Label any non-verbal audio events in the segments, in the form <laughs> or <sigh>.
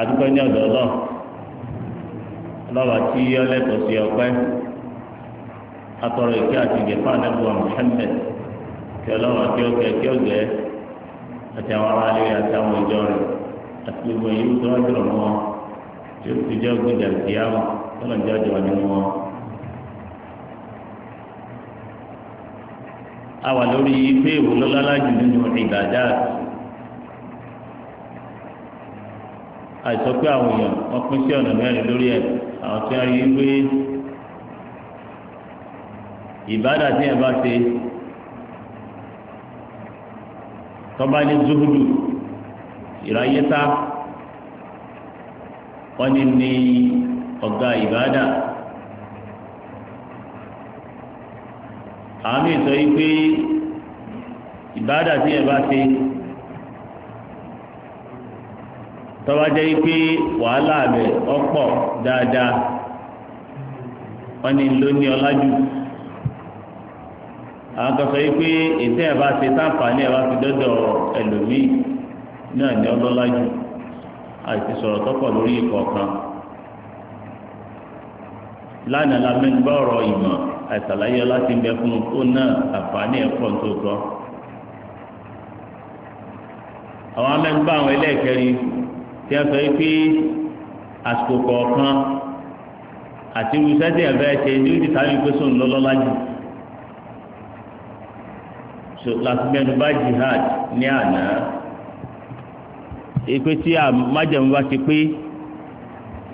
adúgbò ní ọ̀dọ̀ ọlọ́ ọlọ́wà tí ọlẹ́tọ̀ sí ọpẹ́ atọ̀rọ̀ ìkẹ́ àti ìgẹ̀fà nẹ́bùwà Muhammad kí ọlọ́wà kí ọkẹ́ kí ọgẹ́ àti àwọn aráàlú àti àwọn ìjọ rẹ̀ àti gbogbo èyí tó wá jùlọ mọ́ tí ó ti jẹ́ gbọ́dọ̀ àti àwọn tọ́lọ̀ ń jáde wà nínú wọn. a wà lórí pé ìwòlọ́lá lájú nínú ìgbàdá àti àìsọ pé àwọn èèyàn wọn pín sí ọ̀nà mẹ́rin lórí ẹ̀ àwọn tí a rí pé ìbádà tí ẹ bá ṣe tọ́ba ní zuhudu ìráyéta wọ́n ní ní ọ̀gá ìbádà àmì ìsọ yìí pé ìbádà tí ẹ bá ṣe. tọ́wá jẹ́ pé wàhálà rẹ̀ ọ̀pọ̀ dáadáa wọ́n ní ló ní ọlájú àwọn kan sọ pé ètò ẹ̀ bá ṣe sáǹfààní ẹ̀ bá fi dọ́dọ̀ ẹlòmíì náà ní ọlọ́lájú àti sọ̀rọ̀ tọ́pọ̀ lórí ìkọ̀ọ̀kan lánàá la mẹ́nu bá ọ̀rọ̀ ìmọ̀ àìsàlàyé láti bẹ fún un tó náà àǹfààní ẹ̀ pọ̀ tó tọ́ àwọn amẹ́nu bá àwọn ẹlẹ́ẹ̀kẹrin tí a sọ yìí pé àsìkò kọ̀ọ̀kan àti irúṣẹ́ tí ẹ̀fẹ́ ṣe ní ìdí sáré pé sóun lọ́lọ́lá láti jihad ní àná èpè tí a májẹ̀mú bá ti pé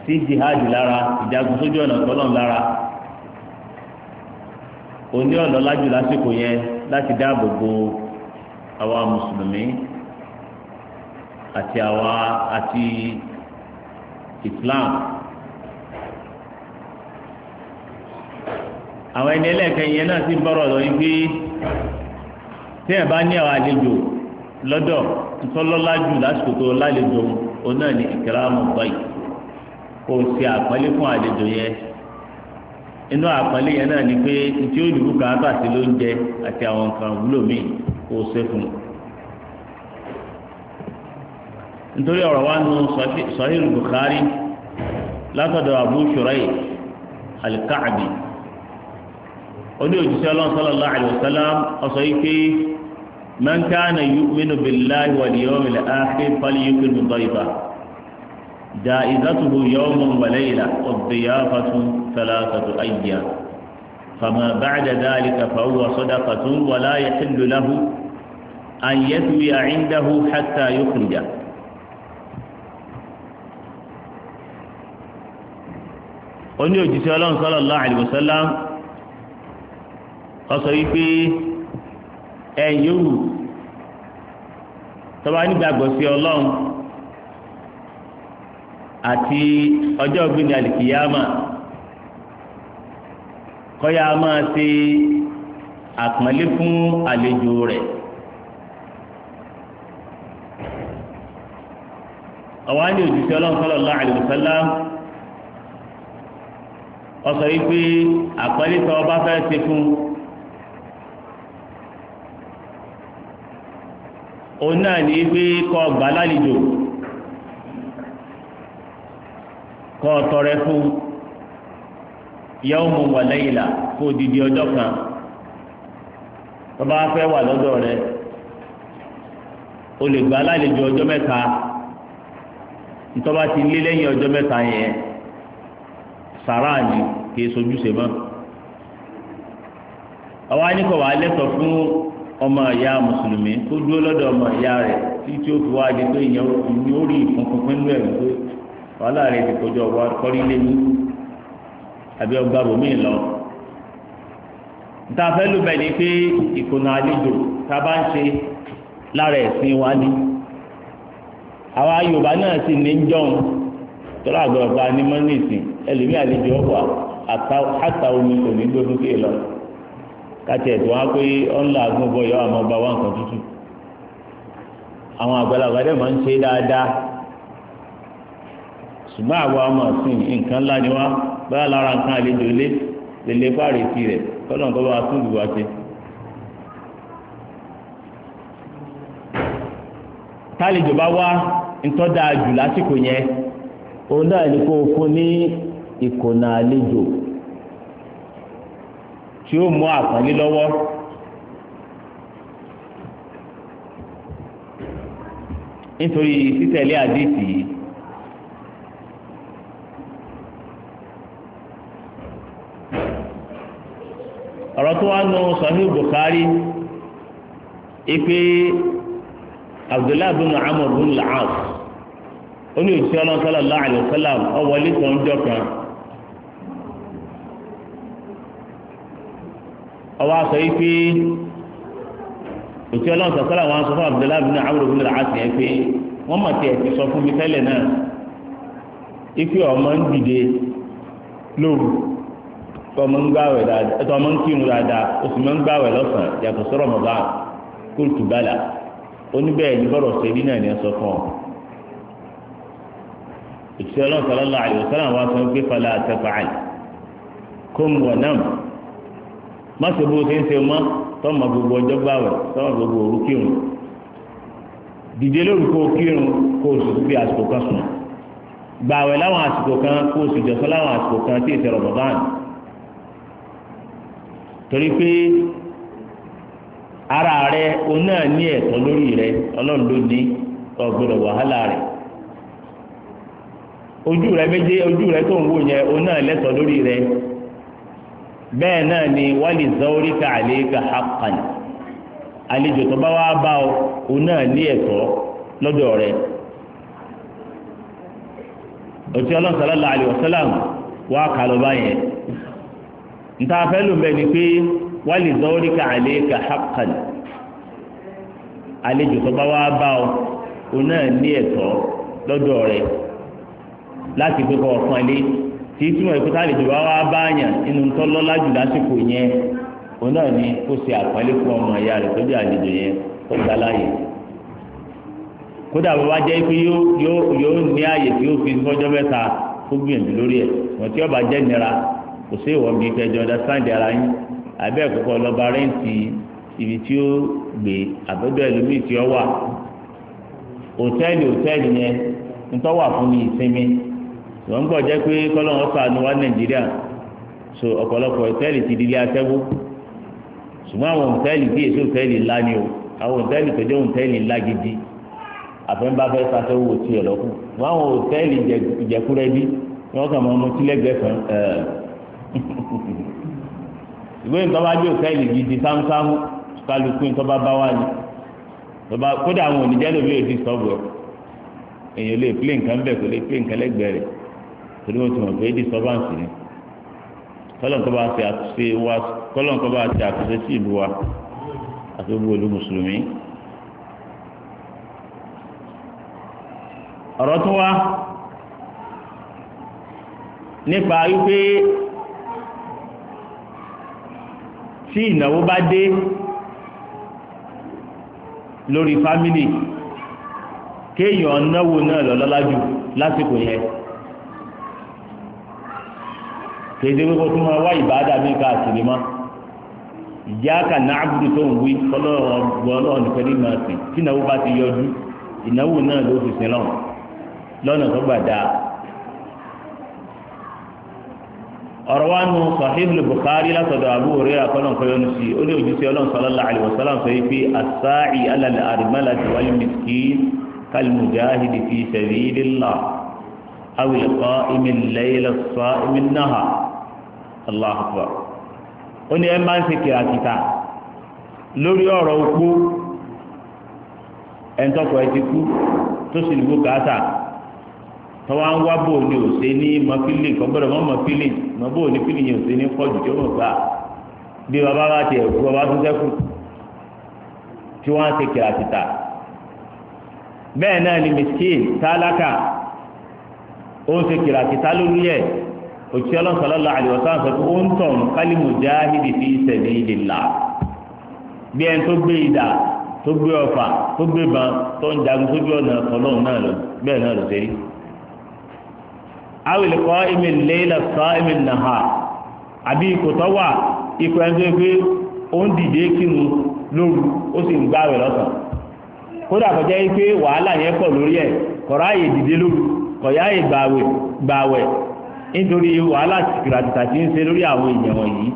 sí jihad lára ìjagun sójú ọ̀nà lára òní ọ̀lọ́lá jù lásìkò yẹn láti dáàbò bo àwa àti àwa àti Islam àwọn ẹni ẹlẹ́ẹ̀kẹyìn yẹn náà sì bọ̀rọ̀ lọ yìí pé tí ẹ bá ní àwọn àlejò lọ́dọ̀ ntọ́lọ́lá jù lásìkò tó lálejò òun náà ní ìkíráàmù báyìí kò sí àpọ́nlé fún àlejò yẹn inú àpọ́nlé yẹn náà ni pé tí ó dùbú kàákà sí lóúnjẹ àti àwọn nǹkan wúlò míì kò ṣe fún un. nítorí ọ̀rọ̀ wa nù Sahih Bukhari látọ̀dọ̀ Abu Shuraih al-Ka'bi oní òjíṣẹ́ ọlọ́run sallallahu alaihi wasallam ọ̀sọ̀ yìí pé man kana yu'minu billahi wal yawmil akhir falyukrim dayfahu جائزته يوم وليلة والضيافة ثلاثة أيام فما بعد ذلك فهو صدقة ولا يحل له أن يثوي عنده حتى يخرجه onye òjíṣẹ́ ọlọ́run sallallahu alaihi ọsọ yìí pé ẹ̀yin yòówù tọ́ba nígbàgbọ́ sí ọlọ́run àti ọjọ́ ọ̀gbìn alìkìyàmà kọ́yà máa ṣe àpọ́nlé fún àlejò rẹ̀. àwọn àlejò òjíṣẹ́ ọlọ́run sallallahu ọsọ yìí pé àpẹẹrẹ tó ọba fẹ́ ṣe fún òun náà ní pé kọ́ gbà lálejò kọ́ tọrẹ fún yawmu wa layla kó didi ọjọ́ kan tó bá fẹ́ wà lọ́dọ̀ rẹ̀ o lè gbà lálejò ọjọ́ mẹ́ta ntọ́ba ti lé lẹ́yìn ọjọ́ mẹ́ta yẹn sàrà ni. kìí sojúṣe mọ́ àwa ní kọ̀ wá lẹ́tọ̀ fún ọmọ ìyá mùsùlùmí tó dúró lọ́dọ̀ ọmọ ìyá rẹ̀ títí ó fi wá di pé ìyẹn ó rí ìfúnfún pínlú ẹ̀ wípé wàhálà rẹ̀ ti kọjọ wá kọ́rí lé ní àbí ọgbà bòmí lọ. níta fẹ́ ló bẹ̀ ni pé ìkùnà àlejò tá a bá ń ṣe lára ẹ̀sìn wa ni àwa Yorùbá náà sì ní jọ̀hún tọ́lá àgbọ̀rọ̀ pa ni mọ́ nísìn ẹlòmíì àlejò ọ̀pọ̀ àwọn. àtà omi omi ní lọ káti ẹ̀tọ́ wá pé ọ̀nlá àgùn yọ bá nǹkan tútù àwọn àgbàlagbà máa ń ṣe dáadáa ṣùgbọ́n àwa ọmọ ọ̀sìn nǹkan ńlá ni wá báyà lára nǹkan àlejò lé lèlè fáàrí ti rẹ̀ tọ́lọ̀ nǹkan bá tún ìwà ṣe. tálejò bá wá ń tọ́ jù lásìkò yẹn òun náà ní ìkònà àlejò tí ó mú àpọ́nlé lọ́wọ́. nítorí títẹ̀lé àdéhìí yìí ọ̀rọ̀ tó wá nu Sahih Bukhari ipe Abdullahi bin Amr bin al ó ní òṣìṣẹ́ ọlọ́sọ́lá ọwọ́ sọ yìí pé òtí ọlọ́run sọ̀kọ́lá wọn sọ fún abdullahi bin amr bin al-as yẹn pé wọ́n mọ̀ tiẹ̀ ti sọ fún mi tẹ́lẹ̀ náà ipe ọmọ ń dìde lóru tọmọ ń gbàwẹ̀ dáadáa tọmọ ń kírun dáadáa oṣù mọ́ ń gbàwẹ̀ lọ́sàn-án yàtọ̀ sọ́rọ̀ mọ́ bá kóòtù bàlà oníbẹ̀ẹ́ ní bọ́rọ̀ ṣẹ́bí náà ní ẹ̀sọ́ fún ọ. òtí ọlọ́run sọ̀rọ̀ wọn sọ pé fọlá àtẹ̀fà àyè kó mu wọ̀ náà. má ṣe bó ṣe ń ṣe mọ́ tọ́mọ gbogbo ọjọ́ gbàwẹ̀ tọ́mọ gbogbo òru kírun dìde lórúkọ kírun kó o sì fi àsìkò kan sùn gbàwẹ̀ láwọn àsìkò kan kó o sì jọ̀sọ́ láwọn àsìkò kan tí ìṣẹ̀rọ̀ bàbá àná torí pé ara rẹ òun náà ní ẹ̀tọ́ lórí rẹ ọlọ́run ló ní ọ̀gbọ́dọ̀ wàhálà rẹ̀ ojú méje ojú tó ń wò yẹn náà lórí bẹ́ẹ̀ náà ni wálé zawori ká àlééka haqqan àlejò tó bá wá bá ọ òun náà ní ẹ̀tọ́ lọ́dọ̀ rẹ̀ òtí wá kà lọ báyẹn nta fẹ́ ló bẹ̀ ni pé wálé zawori ká àlééka haqqan àlejò tó bá wá bá òun náà ní ẹ̀tọ́ lọ́dọ̀ rẹ̀ láti gbé kọ́ ọ̀kan tí túmọ̀ ìkúta wa wá báyàn inú ń tọ́ lọ́lá jù lásìkò yẹn òun náà ni kó ṣe fún ọmọ ìyá rẹ̀ tó jẹ́ àlejò yẹn tó gba láàyè kódà bàbá jẹ́ pé yóò ní àyè tí fi fọ́jọ́ mẹ́ta gbìyànjú lórí ẹ̀ tí ọba jẹ́ nira kò sí bíi kẹjọ ara yín àbẹ́ ibi tí ó gbé àbẹ́bẹ́ ẹlòmíì tí ó wà yẹn ń tọ́wà fún mi wọ́n ń gbọ́ jẹ́ pé kọ́lọ́n ọ̀fà ni wà nàìjíríà so ọ̀pọ̀lọpọ̀ hòtẹ́ẹ̀lì ti di ilé aṣẹ́wó ṣùgbọ́n àwọn hòtẹ́ẹ̀lì tí èso hòtẹ́ẹ̀lì ńlá ni o àwọn hòtẹ́ẹ̀lì tó jẹ́ hòtẹ́ẹ̀lì ńlá gidi àfẹnbáfẹ́ sasẹ́wó ti ẹ̀ lọ́kù wọ́n àwọn hòtẹ́ẹ̀lì ìjẹkúrẹ́ bí wọ́n kà máa mú tílẹ̀gbẹ́ kan ìwé nǹkan bá jẹ́ hòtẹ́ẹ̀lì gidi sámúsámú kálukú nǹkan bá bá torí wọn ti mọ̀ pé disturbance ni kọ́lọ́nkọ́ bá ti àtúnṣe wa kọ́lọ́nkọ́ bá ti àtúnṣe sí ìlú wa àti gbogbo ìlú mùsùlùmí. ọ̀rọ̀ tó wá nípa wípé tí ìnáwó bá dé lórí fámìlì kéèyàn náwó náà lọ́lọ́lá jù lásìkò yẹn kéde wípé tó máa wá ìbáadà mi káàkiri mọ́ ìyáàkà náà àbúrò tó ń wí ọlọ́run ọlọ́run nìkan ní màá sìn tí ìnáwó bá ti yọjú ìnáwó náà ló fi sin lọ́wọ́ lọ́nà tó gbà dáa. ọ̀rọ̀ wa nù sahihul Bukhari látọ̀dọ̀ Abu Hurairah akọ́nà kọ́yọ́nù sí ó ní òjísé ọlọ́run sallallahu alaihi wasallam sọ pé as-sa'i 'ala al-armalati wal miskin kal fi sabilillah aw al-qa'imi al Allahu Akbar ó ní ẹ máa ń ṣe kìràkìtà lórí ọ̀rọ̀ opó ẹ̀ńtọ́kọ̀ ẹ ti kú tó sì lùgbò ń wá bò ní òsè ní mọ́fílì kan gbọ́dọ̀ mọ́ mọ́fílì mọ́ bò ní fílì yẹn òsè ní tí ó bàbá bá kú tí náà ni òtí ọlọ́sọ̀lọ́lọ́ àdìwọ̀sán sọ pé ó ń tọ̀ kálímù jáhìdì fi sabilillah bí ẹni tó gbé ìdà tó gbé ọfà tó gbé ban tó ń jagun tó gbé ọ̀nà ọlọ́run náà lọ bẹ́ẹ̀ náà lọ sí rí. awìlì kọ́ ìmì lẹ́yìnlá sọ ìmì nàhà àbí ikò tó wà ikò ẹni tó gbé ó ń dìde kínu lóru ó sì ń gbààwẹ̀ lọ́sàn kódà kọjá nítorí wàhálà tìkìrà ala tí ń ṣe lórí àwọn èèyàn wọ̀nyí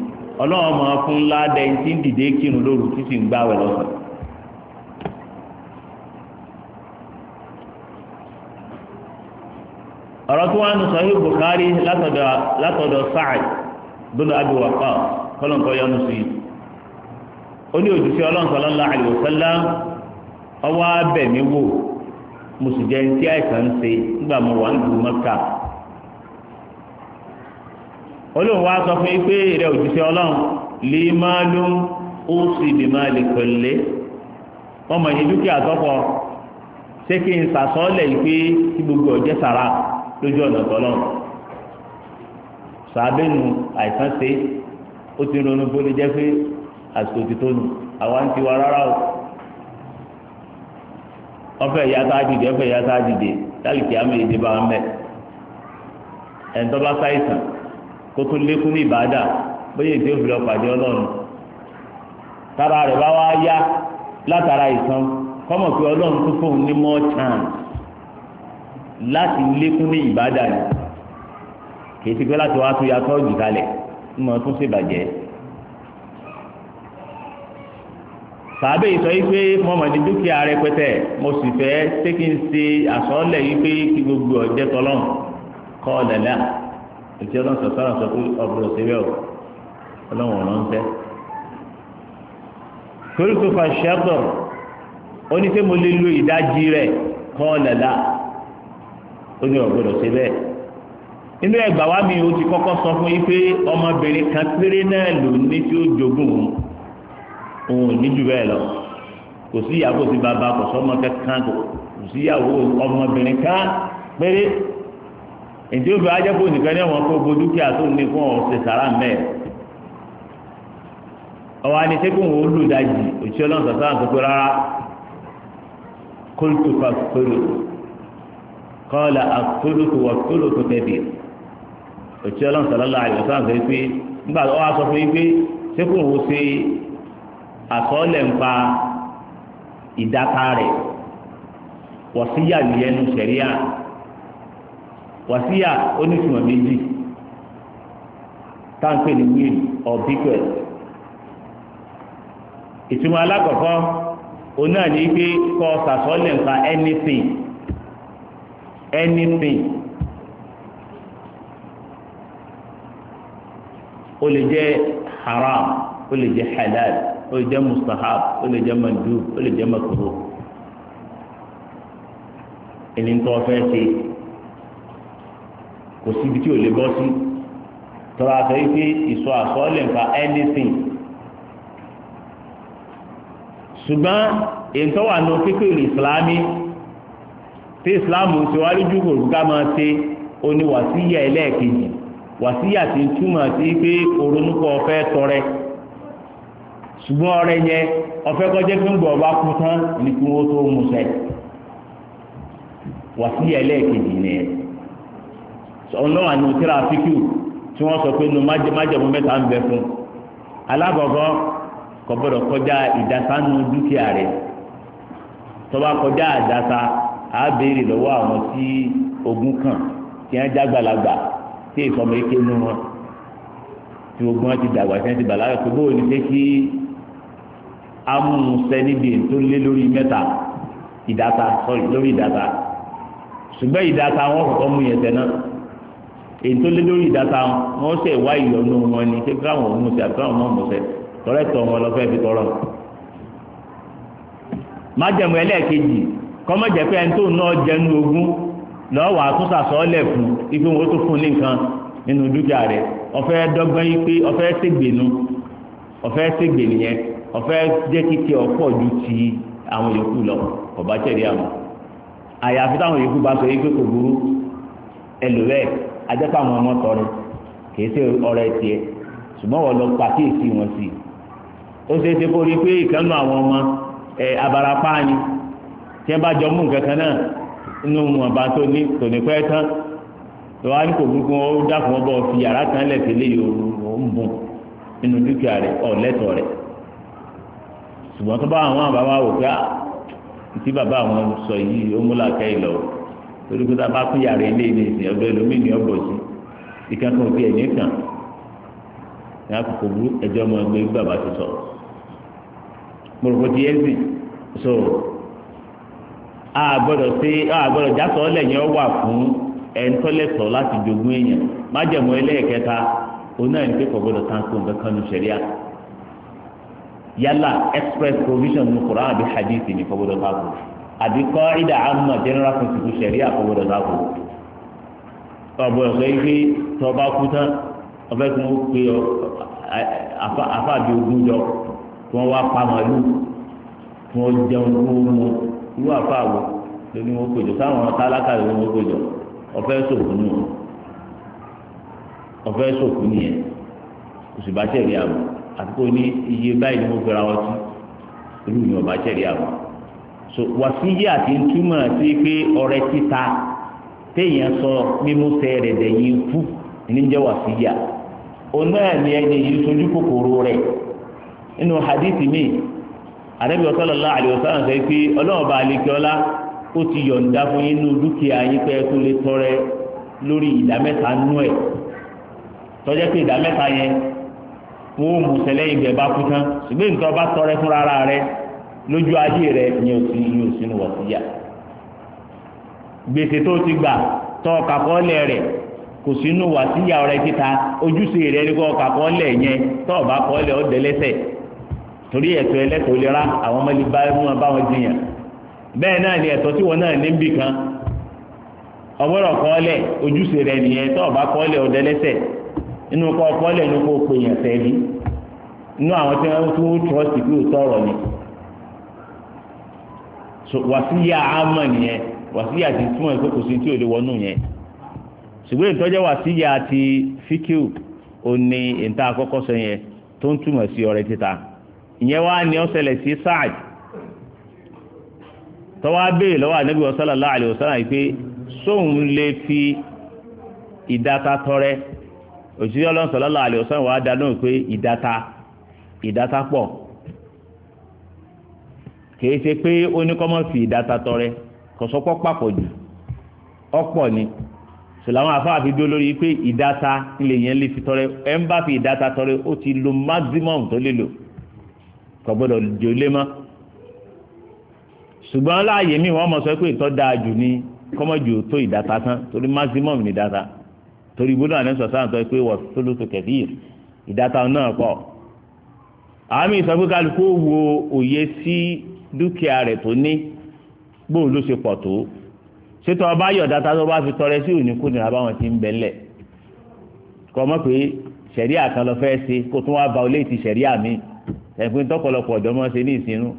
ọlọ́run máa fún ńlá dẹ́yìn tí ń dìde kírun lóru tí sì ń gbáwẹ̀ lọ́sàn. ọ̀rọ̀ tó wà nù sahih Bukhari látọ̀dọ̀ Sa'd bin Abi Waqqas kọ́lọ́ǹkọ́ yọnu sí i ó ní òjúṣe ọlọ́run ọwọ́ abẹ̀mí wò mùsùlùmí tí àìsàn olóhùn wa sọ fún yín pé rẹ òjíṣẹ́ ọlọ́run lè máa ló ń ó sì lè máa lè pẹ̀lẹ́ ọmọ yìí dúkìá sọ́kọ ṣé kí n sàsọ́ọ́lẹ̀ yìí pé kí gbogbo ọ̀jẹ́ sàrà lójú ọ̀nà tọ́lọ́run sàbẹ̀nu àìsàn ṣe ó ti ronú bóni jẹ́ pé àsìkò ti tó nù àwa ń tiwa rárá o ọfẹ ìyá tá a dìde ọfẹ ìyá tá a dìde táyì kí á mẹ ìdí bá wọn mẹ ẹnitọ́ bá sáyìsàn kó tó lékún ní ìbádà bóyá èdè òbí lọ pàdé ọlọ́run tára rẹ̀ bá wá yá látara ìsan kọ́mọ̀ pé ọlọ́run tó fóun ní more chance láti lékún ní ìbádà ni ti pé láti wá tó ya tọ́ọ̀gì kalẹ̀ ń mọ tó ṣèbàjẹ́. sàbẹ̀ yìí sọ wípé mọ̀mọ́ ní dúkìá mo sì fẹ́ ṣé kí n ṣe àsọ́ọ́lẹ̀ yìí pé kí gbogbo ọ̀jẹ̀ kọ́ ètí ọlọ́run sọ sọ́ra sọ pé ọ̀bùrọ̀ síbẹ̀ o ọlọ́run ọ̀rọ̀ ń tẹ́. torí tó ó ní pé mo lè lo ìdajì rẹ̀ kọ́ ọ̀lẹ̀lá ó ní ọ̀gbọ̀dọ̀ síbẹ̀ inú ẹgbà wa mi o ti kọ́kọ́ sọ fún yín pé ọmọbìnrin kan péré náà lò ní tí ó jogún òun òun ní jù bẹ́ẹ̀ lọ kò sí ìyàwó sí bàbá kò sọmọ kankan kò sí ìyàwó ọmọbìnrin kan péré èdè obìnrin ajẹ́pọ̀ nìkan ní ọ̀wọ́n kó gbogbo dúkìá tó ní fún ọ̀ ṣe sàrà mẹ́ẹ̀. ọwọ́ á ní sẹ́kùn wo lù dájì òṣìṣẹ́ ọlọ́run sọ̀tọ́ àti pé rárá kóòtù pa kóòtù kọ́ọ̀là àkóòtù wà kóòtù tẹ̀bì òṣìṣẹ́ ọlọ́run sọ̀tọ́ àti sọ̀tọ́ àti pé nígbà tó wà sọ fún yín sẹ́kùn wo ṣe àsọ́ọ̀lẹ̀ ń pa rẹ̀ wọ̀ síyà nù sẹ̀ríà wàsíyà oníṣùwọ̀n méjì táǹpẹ̀ ní will or bequest ìtumọ̀ alákọ̀ọ́kọ́ òun náà ní pé kọ́ sàsọ́lẹ̀ nǹkan anything anything O lè jẹ́ haram o lè jẹ́ halal o lè jẹ́ mustahab o lè jẹ́ mandu, o lè jẹ́ makruh ẹni tó fẹ́ ṣe kò síbi tí ò lè bọ́ sí tọ́ra sọ yìí pé ìsọ àsọ́ọ́lẹ̀ nǹkan anything ṣùgbọ́n èntọ́ wà ní kékeré ìsìlámì tí ìsìlámù ti wá lójú kòrò ká máa ṣe oníwàsíyà ẹlẹ́ẹ̀kejì wàsíyà ti túmọ̀ sí pé oronúkọ ọ̀fẹ́ tọrẹ ṣùgbọ́n ọrẹ yẹn ọ̀fẹ́ kọjá pé ń gbọ̀ ọba kú tán ní kí wọ́n tó mú sẹ́ wàsíyà ẹlẹ́ẹ̀kejì nìyẹn ọlọ́run àni òtíra àfikù tí wọ́n sọ pé nu májẹ̀mú mẹ́ta ń bẹ fún alábọ̀bọ̀ kò gbọ́dọ̀ kọjá ìdásánú dúkìá rẹ̀ tó bá kọjá àdása á béèrè lọ́wọ́ àwọn tí ogún kàn tí wọ́n já gbàlagbà tí ìsọmọ ike nú wọn tí ogún wọn ti dàgbà tí wọ́n ti bàlágà pé bóyá ní sẹ́ kí amúnusẹ níbi tó lé lórí mẹ́ta ìdáta sọrí lórí ìdáta ṣùgbọ́n ìdáta wọn kọ̀ọ̀kan mú yẹn tẹ̀ náà èyí tó lé lórí ìdáta wọn ṣe wá ìyọnu wọn ni ṣé káwọn ọmọ ṣe àti káwọn ọmọ ọmọ ṣe tọrẹ tọ wọn lọfẹ fi tọrọ. májẹ̀mú ẹlẹ́ẹ̀kejì kọ́mọ̀jẹ̀ pé ẹni tó náà jẹnu ogún lọ́wọ́ àtúnṣà sọ́ọ́lẹ̀ fún ife wọn tó fún ní nǹkan nínú dúkìá rẹ̀ ọ̀fẹ́ dọ́gbọ́n yìí pé ọ̀fẹ́ ṣègbènú ọ̀fẹ́ ṣègbènú yẹn ọ̀fẹ́ jẹ́ kíkẹ́ ọ̀pọ̀ ju ti àwọn yòókù lọ ọ̀bá tẹ̀lé àwọn àyàfi táwọn yòókù bá sọ yìí pé kò burú ẹlòmẹ́ẹ̀ ajẹ́pọ̀ àwọn ọmọ tọrẹ ọrụ í ṣe ọ̀rẹ́ tiẹ̀ ṣùgbọ́n wọ́n lọ wọn sí i ó ṣeé ṣe kó rí i pé ìkànnù àwọn ọmọ ẹ abarapá tí ẹ bá jọ mú nǹkan kan náà tó ní tòní pẹ́ tán kò gbogbo ó dákun ọbọ̀ fi yàrá kan lé yòówù ó ń bùn nínú dúkìá rẹ̀ tó bá torí pé tábà tún yàrá ilé ní ìsìn ọ̀dọ̀ ẹlòmíì ní ọ̀bọ̀ sí ìkẹ́kọ̀ọ́ bí ẹ̀yìn kan ní àkókò burú ẹjọ́ ọmọ ẹgbẹ́ bàbá ti sọ mọ̀rọ̀kọ̀ ti yẹ sí so a gbọ́dọ̀ sí a gbọ́dọ̀ jásọ̀ ọlẹ́yìn ọ wà fún ẹ̀ńtọ́lẹ̀tọ̀ láti jogún èèyàn májẹ̀mú ẹlẹ́ẹ̀kẹta oná ẹni pé kò gbọ́dọ̀ tanko nǹkan kan nu sẹ̀ríà yálà express provision nu Kùránì àbí hadith ní kò gbọ́dọ̀ tanko àbí kọ́ ìdá àmọ̀ general principle sẹ̀rí àkọ́wọ́dọ̀ láàbò ọ̀bọ̀ ẹ̀kọ́ ife tó ọba kú tán ọbẹ̀ tí wọ́n pe afáàbí ogun jọ tí wọ́n wá pa màálù tí wọ́n jẹun kó mu irú àfáàwò lórí wọn pèjọ sáwọn tálákà lórí wọn pèjọ ọfẹ sòkú nù ọfẹ sòkú nìyẹn oṣù bá tẹ̀lé àwọn àti kò ní iye báyìí ni mo fẹ́ra ọtí irú ni ọba tẹ̀lé àwọn. wàsíyà ti ń túmọ̀ pe pé ọrẹ títa téèyàn sọ ní ọ̀nà ni ẹni yìí sojú kòkòrò nínú mi sọ pé ọlọ́run bá alẹ́kẹ́ ọlá ó ti yọ̀ǹda fún yín nínú dúkìá yín pé kó lè tọrẹ lórí ìdá nú ẹ̀ tọ́jẹ́ pé ìdá yẹn wọ́n mú bá kú tán ṣùgbọ́n nǹkan bá tọrẹ fúnra lójú ayé rẹ ní òsì ní òsì ní wọ̀síyà gbèsè tó ti gbà tọ kàkọ́lẹ̀ rẹ̀ kò sínú wàsíyà rẹ títa ojúṣe rẹ ní kọ́ yẹn tọ ọba kọọlẹ ọ̀dẹ́ torí lera àwọn ọmọ mú wọn bẹ́ẹ̀ náà ni kan kọọlẹ ojúṣe rẹ nìyẹn inú pè yàn inú àwọn tí ni wàsíyà àmọ́ nìyẹn wàsíyà ti túmọ̀ pé kò sí tí ò lè wọnú yẹn ṣùgbọ́n ìtọ́jẹ́ wàsíyà ti fíkìú ò ní ìta àkọ́kọ́ sọ yẹn tó ń túmọ̀ sí ọrẹ títa ìyẹn wá ní ó ṣẹlẹ̀ sí Sa'd tọ́wọ́ béèrè lọ́wọ́ ànábì sallallahu alaihi wasallam yìí pé sóun lè fi ìdáta tọrẹ òṣìṣẹ́ ọlọ́run sallallahu alaihi wasallam wàá dá lóhùn pé ìdáta ìdáta pọ̀ kìí ṣe pé ó ní kọ́mọ́ fi ìdáta tọrẹ kọ̀sọ́pọ̀ pàpọ̀ jù ọ̀pọ̀ ni sùlámù àfáà fi dó lórí pé ìdáta ilé yẹn lè fi tọrẹ ẹ ń bá fi ìdáta tọrẹ ó ti lo maximum tó lè lò kò gbọdọ̀ jò lé mọ́ ṣùgbọ́n láàyè mi wọ́n mọ̀ sọ pé ìtọ́ dáa jù ní kọ́mọ́jù tó ìdáta tán torí maximum ní ìdáta torí gbọ́dọ̀ àná sọ sáà sọ pé wọ́n tó ló tó kẹ̀dí ìdáta náà pọ̀ àmì ìsọ̀kúkálukú wo òye sí dúkìá rẹ̀ tó ní gbóò ló ṣe pọ̀ tó ṣètò ọba yọ̀dá tá ló bá fi tọrẹ sí òní kó nira báwọn ti ń bẹ̀ ńlẹ̀ kọ́ mọ́ pé sẹ̀ríà kan lọ fẹ́ ṣe kó tún wá ba olé ti sẹ̀ríà mi ẹ̀fín tọ́pọ̀lọpọ̀ ọ̀dọ́ mọ́ ṣe ní ìsinú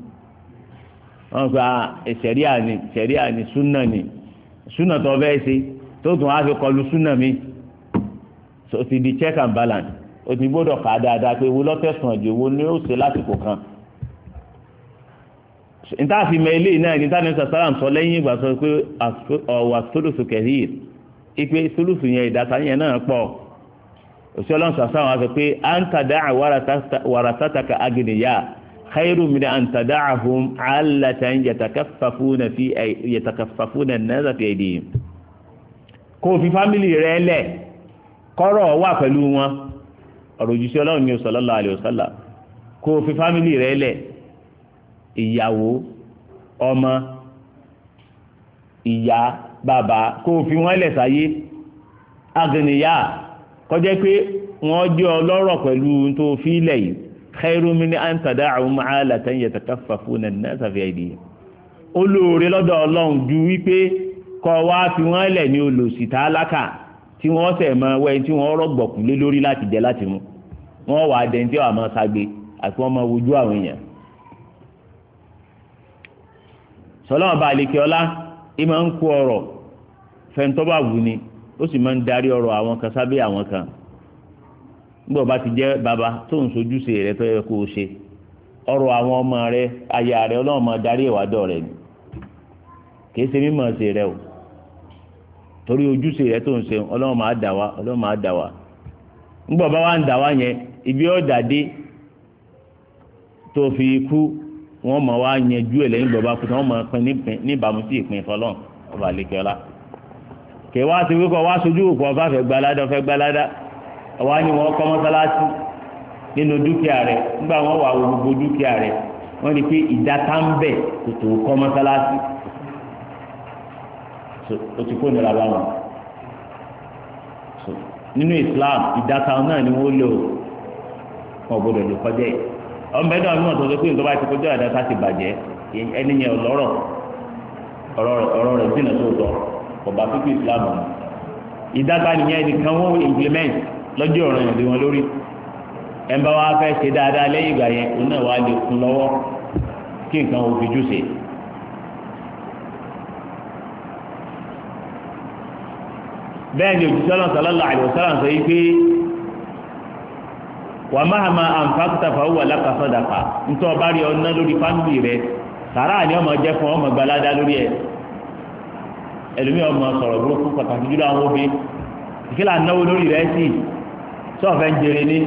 wọ́n gba ah, sẹ̀ríà ni sẹ̀ríà ni súnà ni súnà tó fẹ́ ṣe tó tún wá fi kọlu súnà mi ó ti di check and balance ó ti gbọ́dọ̀ kà á dáadáa pé wo lọ́tẹ̀sán jù wo ni ó ṣe lásìkò kan nítàfi mọ ilé náà ní tani sàsàrà ń sọ lẹ́yìn ìgbà sọ pé ọ̀wà sólùsù kẹ̀hìn ipe sólùsù yẹn ìdáta yẹn náà pọ̀ òṣìṣẹ́ ọlọ́run sàsàrà wọn sọ pé à ń tàdá wàràtàtàkà agìnìyà khairu min an tada'ahum 'allatan yatakaffafuna fi yatakaffafuna an-nasa fi aydihim kó fi fámìlì rẹ̀ lẹ̀ kọ́rọ̀ wà pẹ̀lú wọn ọ̀rọ̀ òjíṣẹ́ ọlọ́run ní sallallahu alaihi wasallam kó fi fámìlì rẹ̀ ìyàwó ọmọ ìyá bàbá kó o fi wọ́n lẹ̀ sáyé agànnìyà kọjá pé wọ́n jẹ́ ọlọ́rọ̀ pẹ̀lú tó fi lẹ̀ yìí khairun min an tada'u ma'alatan yatakaffafuna an-nasa fi aydihim olóore lọ́dọ̀ ọlọ́run ju wípé kọ́ wá fi wọ́n lẹ̀ ní olòṣì tálákà tí wọ́n sẹ̀ mọ wẹ́ tí wọ́n rọ̀gbọ̀kú lé lórí láti jẹ láti mu wọ́n wà á dẹ́ntẹ́ àwọn ọmọ sagbe àti wọ́n máa wojú àwọn èèyàn sọlọ́wọ́n bá àlekè ọlá ẹ máa ń kó ọ̀rọ̀ fẹ́ntọ́bà wù ni ó sì máa ń darí kan sábẹ́ àwọn kan nígbà bá ti jẹ́ bàbá tó ń sojúṣe rẹ tó yẹ kó o ṣe ọ̀rọ̀ àwọn ọmọ rẹ aya rẹ ọlọ́run máa darí ìwádọ́ rẹ ni kì í ṣe mímọ̀ ṣe rẹ o torí ojúṣe rẹ tó ń ṣe ọlọ́run máa dà wá ọlọ́run máa dà wá nígbà bá wà ń dà wá yẹn ibi ọ̀dà dé tó wọ́n mọ̀ wá yanjú ẹ̀ lẹ́yìn bàbá kùtà wọ́n mọ̀ pin níbàámu sí ìpín fọlọ́n ọba àlekẹ́ọ́lá kè wá sí wíkọ wá sojú òkú ọba fẹ́ gbalada fẹ́ gbalada ọwọ́ ni wọ́n kọ́ mọ́sálásí nínú dúkìá rẹ̀ nígbà wọ́n wà wọ gbogbo dúkìá rẹ̀ wọ́n rí i pé ìdáta ń bẹ̀ kòtò kọ́ mọ́sálásí o ti kó nira bá wọn nínú Islam ìdáta náà ni wọ́n lò wọ́n gbọ́dọ̀ lò kọjá yìí ọmọ ẹ̀dá ọmọ tó ń sọ pé nǹkan bá ti kọjá àdá sáà ti bàjẹ́ ẹni yẹn ọlọ́rọ̀ ọ̀rọ̀ rẹ̀ jìnà sóòtọ́ ọba pípé islam ọ̀nà ìdágbà nìyẹn nìkan wọ́n implement lọ́jọ́ ọ̀ràn ìlú wọn lórí ẹ̀ ń bá wa fẹ́ ṣe dáadáa lẹ́yìn ìgbà yẹn òun náà wà lè kún lọ́wọ́ kí nǹkan ò fi jù sí bẹ́ẹ̀ ni òjijì ọlọ́sàlá àlùsàlá sọ yìí pé wà máa ma àǹfààtà fàáwà lákàtọ̀dàpà ntọ́ ọba rí ọ̀nà lórí fámìlì rẹ sàrà ni ọmọ jẹ fún ọmọ gbalada lórí ẹ ẹlòmíì ọmọ sọ̀rọ̀ burúkú pàtàkì jùlọ àwọn obì ìkílà náwó lórí rẹ sí sọ́ọ̀fẹ́ ń jèrè ní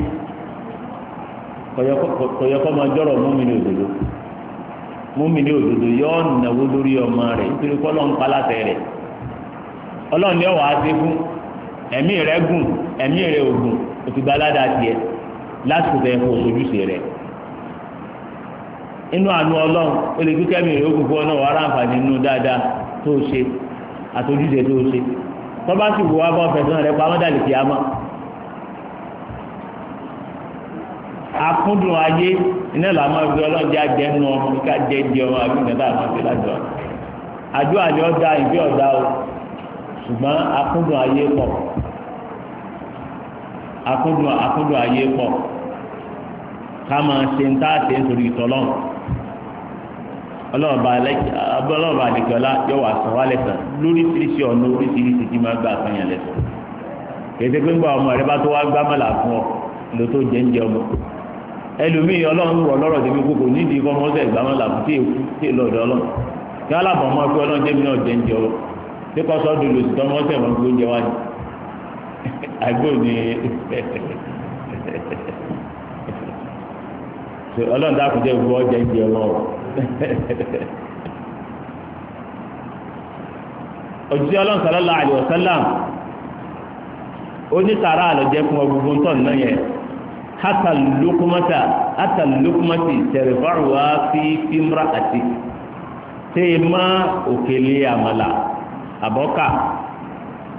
máa jọ̀rọ̀ mú mi ní mú mi ní náwó lórí ọmọ rẹ nítorí kọ́ lọ́n pa látẹ̀ ni á dé fún ẹ̀mí rẹ̀ gùn ẹ̀mí lásìkò tó yẹ kó o sojúṣe rẹ̀ inú àánú ọlọ́run ó lè fi kẹ́mi ìyókù fún ọ inú dáadáa tó o ṣe àtòjúṣe tó o ṣe tọ́ba sì rẹ pa kìá mọ́ akúndùn ayé iná ọmọ o ṣùgbọ́n akúndùn ayé pọ̀ akúndùn ká máa ṣe ń táàtì nítorí ìtọ́lọ́n ọlọ́ọ̀bà àdìkọ́lá yóò wà sàn wálẹ̀ sàn lóríṣiríṣi ọ̀nà oríṣiríṣi tí máa gbà sàn yàn lẹ́sàn kèsì pé ń bá ọmọ rẹ bá tó wá gbá mọ́là fún ọ ló tó jẹ́ ń jẹ ọmọ ẹlòmíì ọlọ́run wọ̀ lọ́rọ̀ débi kókò nídìí kọ́ mọ́sẹ̀ gbá mọ́là fún tí èkú tí èlò ọ̀dọ́ ọlọ́run kí alábọ̀ ọmọ pé ọlọ́run jẹ́mi náà jẹ́ ń jẹ ọ tí kò sọ́ dùn lòsì tọ́ mọ́sẹ̀ mọ́ gbó wájú àgbò ni <laughs> <laughs> ọlọ́run dákun jẹ́ gbogbo ọjà ń jẹ wọn o òjijì ọlọ́run sallallahu alaihi wasallam onítàrà àlọ́jẹ́ fún ọgbogbo ń tọ̀ náà yẹn hata lukumata hata lukumati tẹ̀rẹ̀fàrùwá fi fímra àti téèmá òkèlè àmàlà àbọ́kà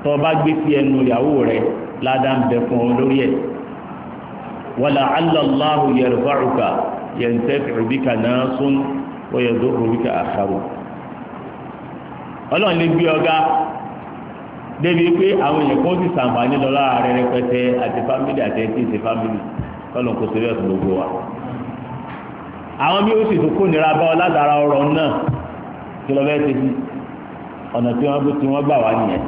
tó bá gbé sí ẹnu ìyàwó rẹ̀ ládàá ń bẹ fún ọ lórí ẹ̀. ولعل الله يرفعك ينتفع بك ناس ويضر بك آخرون ọlọ́run lè gbé ọgá débi pé àwọn èèyàn kan ti sàǹfààní lọ láàárẹ̀ rẹpẹtẹ àti fámìlì àti ẹtí ìṣe fámìlì ọlọ́run kò síbẹ̀ fún gbogbo wa. àwọn bí ó sì tún kó nira bá ọ ládàra ọ̀rọ̀ náà kí lọ bẹ́ẹ̀ tẹ́sí ọ̀nà tí wọ́n tí wọ́n gbà wá nìyẹn.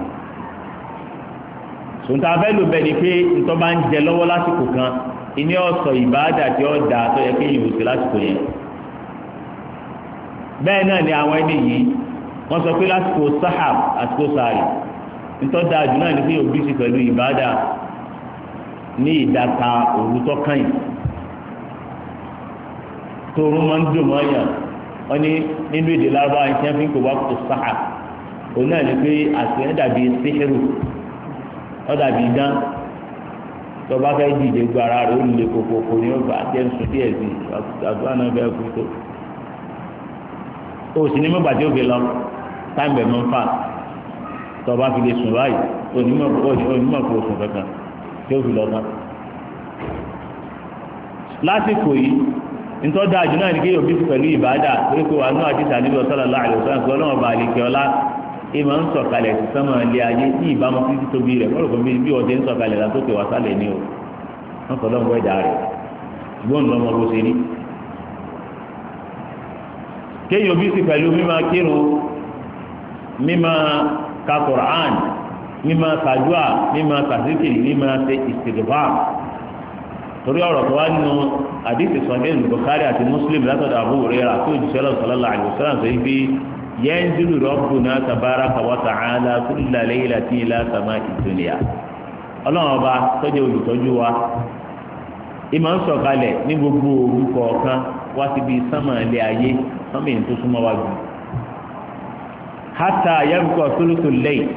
sòǹtà fẹ́ bẹ́ẹ̀ ni pé ntọ́ bá ń jẹ lọ́wọ́ lásìkò kan ìní ọ̀sọ̀ ìbáàdà tí ó da tó yẹ kéèyàn ò sí lásìkò yẹn bẹ́ẹ̀ náà ni àwọn ẹni yìí wọ́n sọ pé lásìkò sahab àsìkò sàárì nítorí jù náà ni kéèyàn bí sí pẹ̀lú ìbáàdà ní ìdáta òru tó kàn yìí torun máa ń dùn mọ́ yàn wọ́n ní nínú èdè lárúbáwá ní tiẹ́ fi ń pè wá kó sahab òun náà ni pé àsìkò yẹn dàbí síhìrù ó dàbí tọba fẹ́ dìde gba ara rẹ̀ ó lè kókókó ní ọgbà jẹ́ ń sùn díẹ̀ sí àdúrà náà o sì ní mọ́gbà lọ táìmù ẹ̀mọ́ tọba fi lè sùn báyìí onímọ̀ kò sùn kankan tí ó fi lọ tán lásìkò yìí nítorí dájú náà ní kéèyàn bí pẹ̀lú ìbádà pé kó wà nínú àdìsá láàrin òṣèlú ọlọ́run ìmọ̀ ń sọ̀kalẹ̀ sí sánmà ilé ayé ní ìbámu sí títóbi rẹ̀ kọ́lọ̀kọ́ bí bí ọdẹ ń sọ̀kalẹ̀ látòkè wá sálẹ̀ ní o wọ́n kọ́ lọ́wọ́ ẹ̀dá rẹ̀ ṣùgbọ́n lọ́mọ bó ṣe rí. kéèyàn bí sí pẹ̀lú mímá kírun mímá ka Qur'an mímá kàdúà mímá kàsíkìrì mímá ṣe ìsìlùfà torí ọ̀rọ̀ tó wá nínú àdìsí sọ̀dẹ́ Bukhari àti Muslim látọ̀dọ̀ Abu Hurairah àti òjìṣẹ́ lọ́sọ̀lá ينزل ربنا تبارك وتعالى كل ليلة إلى سماء الدنيا ọlọ́run ọba tọ́jú olùtọ́jú wa ìmọ̀ ń sọ̀kalẹ̀ ní gbogbo òru kọ̀ọ̀kan wá síbi sánmà ilé ayé sánmà èyí tó súnmọ́ wa jù. hátà yẹ́rùkọ̀ sólùtò lẹ́yìn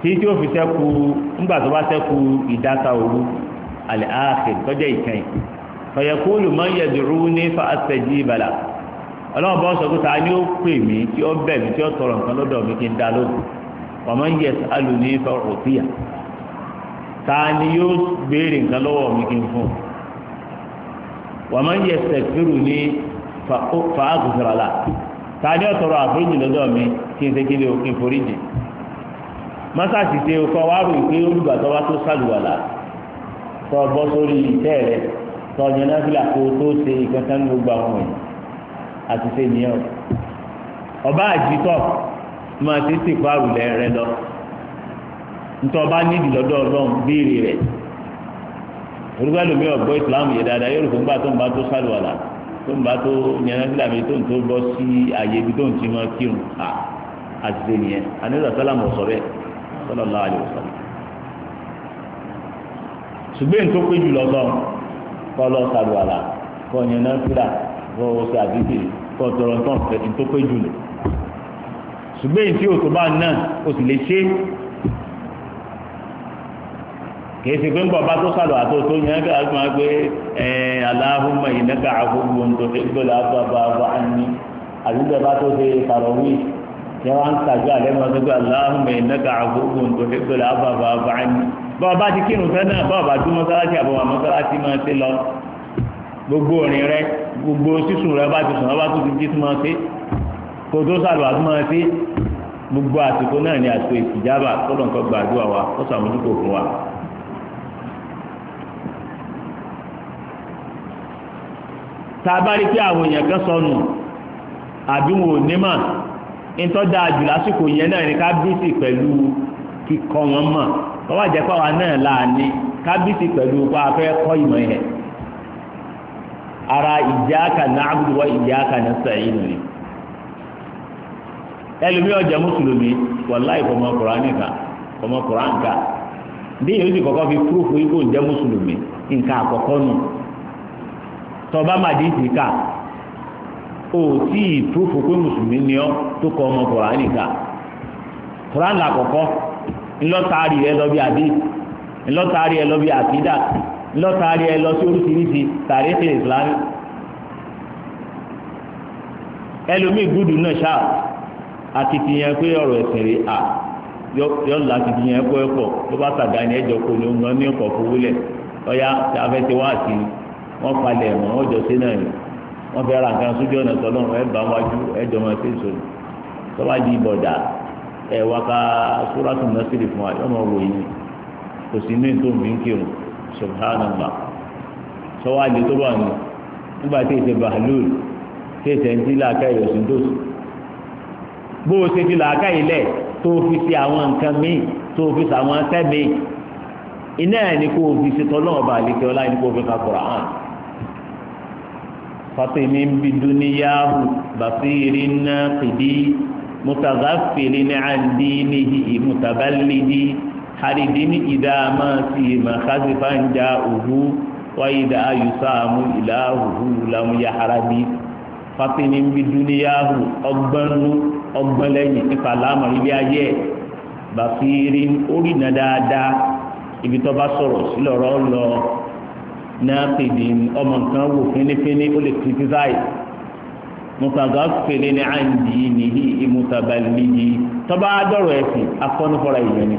tí tí ó fi sẹ́kù ńgbà tó bá sẹ́kù ọlọ́run bọ́ sọ pé ta ni ó pè mí tí ó bẹ̀ mí tí ó tọrọ nǹkan lọ́dọ̀ mi kí n dá lóhùn ọmọ ń yẹ sálù ní ìfẹ́ òfìyà ta ni yóò béèrè nǹkan lọ́wọ́ mi kí n fún wọ́n máa ń yẹ sẹ̀kúrù ní fàákùsọ̀rọ̀là ta ni ó tọrọ àforíjì lọ́dọ̀ mi kí n ṣe kí n lè òkè foríjì mọ́sáàsì ṣe ọkọ̀ wá rò pé olùgbàtọ́ wá tó sàlùwàlà tọ́ bọ́ sórí ìtẹ́ rẹ̀ tọ́ yẹn náà fìlà kó tó ṣe ìkankan ní gbogbo àwọn èèyàn àti ṣe nìyẹn o ọba àjítọ máa ṣe ṣe kó àrùlẹ rẹ lọ nítorí ọba nídìí lọ́dọ̀ Ọlọ́run béèrè rẹ orúkọ ẹlòmí ọgbọ ìsìlámù yẹ dáadáa yóò rò fún gbà tó ń bá tó sálùwàlà tó ń bá tó yẹn nígbà mi tó ń tó bọ sí àyè ibi tó ń ti mọ kírun à àti ṣe nìyẹn anílò sálàmù ọsọ bẹ́ẹ̀ sallallahu alaihi wasallam ṣùgbọ́n tó pé jùlọ sọ kọ́ lọ sálùwàlà kọ́ yẹn náà wọ́n wọ́n ṣe àdídè kọ́ tọrọ tán fẹ́ ní tó pé jù lọ. ṣùgbọ́n èyí tí o tó bá náà o sì lè ṣe é kìí ṣe pé ń bọ̀ bá tó sàlọ̀ àti òtó yẹn kí a máa gbé ẹ̀ aláhùnmá ìnáka àfọwọ́ ń tó ìgbọ́lá bàbá wa ní àdúgbò bá tó ṣe sàrọ̀wí yẹn wá ń tàjú àlẹ́ máa tó gbé aláhùnmá ìnáka àfọwọ́ ń tó ìgbọ́lá bàbá wa ní. bọ́ọ̀ bá ti kírun fẹ́ náà bọ́ọ̀ bá dún mọ́sálásí àbọ̀wọ̀ mọ́sálásí máa ṣe lọ gbogbo orin rẹ̀ gbogbo sísun rẹ bá ti sùn ọba tó ti jí tó máa ṣe kó tó sàlù àti máa ṣe gbogbo àsìkò náà ni àsìkò ìtìjábà tọ́lọ̀ nǹkan gbàdúrà wa ó sàmójútó fún wa. tá a bá rí pé àwọn èèyàn kan sọnù àbí wọn ò ní mà ntọ́jà àjù lásìkò yẹn náà ni kábíyèsí pẹ̀lú kíkọ́ wọn mọ̀ wọ́n wá jẹ́ pé àwa náà là á ní kábíyèsí pẹ̀lú pa afẹ́ kọ́ ìmọ̀ yẹn. ara iyyaka na wa iyyaka nasta'in ni ẹlòmí ọjà mùsùlùmí wàláì kọmọ kùránì ká kọmọ Ndị bí sì kọ́kọ́ fi púrúfù ikú ǹjẹ́ mùsùlùmí nǹkan àkọ́kọ́ nù tọba màdìsí ká o tí ì púrúfù pé mùsùlùmí ni ọ tó ọmọ kùránì ká àkọ́kọ́ ńlọ́taari lọ́tàrí ẹ lọ sí oríṣiríṣi tàríṣì ìsìlámù ẹlòmíì gúdù náà ṣáà akitiyan pé ọ̀rọ̀ ẹ̀sìn rẹ̀ à yọ là akitiyan ẹ̀kọ́ ẹ̀kọ́ tó bá sàgá ni kò ní ní ọkọ̀ fowó lẹ̀ ọ̀yá wá sí i wọ́n palẹ̀ ẹ̀mọ́ wọ́n jọ sí náà ni wọ́n fẹ́ ra nǹkan sójú ọ̀nà tọ́lọ́run ẹ̀ bá wájú máa fún wa wò kò sí subhanallah sọ́wọ́ àjẹ tó wà ní nígbà tí èsè bàálùl tí èsè ń ti làákàyè òsùn tó sùn bó o ṣe ti làákàyè lẹ̀ tó o fi ṣe àwọn nǹkan míì tó o fi ṣe àwọn ẹsẹ̀ míì iná ẹ̀ ní kó o fi ṣe tọ́lọ́wọ́ bá àlekè ọlá ní kó o fi ka Qur'an fatimi bi duniyahu basiri naqidi mutagafili ni andinihi mutabalidi àrídìní ìdá máa ti ìmọ̀ kásìfà ń ja òhu wáyé ìdá ayùsáàmù ìlà òhu làmúyà harabi fatini bi duniyahu ọgbọnu ọgbọnlẹyìn nípa láàmú ilé ayé bàfírí orìnà dáadáa ibi tó bá sọ̀rọ̀ sí lọ́rọ̀ lọ náà pèdè ọmọ nǹkan wò fínífíní ó lè criticize mùtàgà fèlè ní àǹdí nìyí ìmùtàbàlì yìí tó dọ̀rọ̀ ẹ̀sìn afọ́nufọ́ra ìyẹn ni.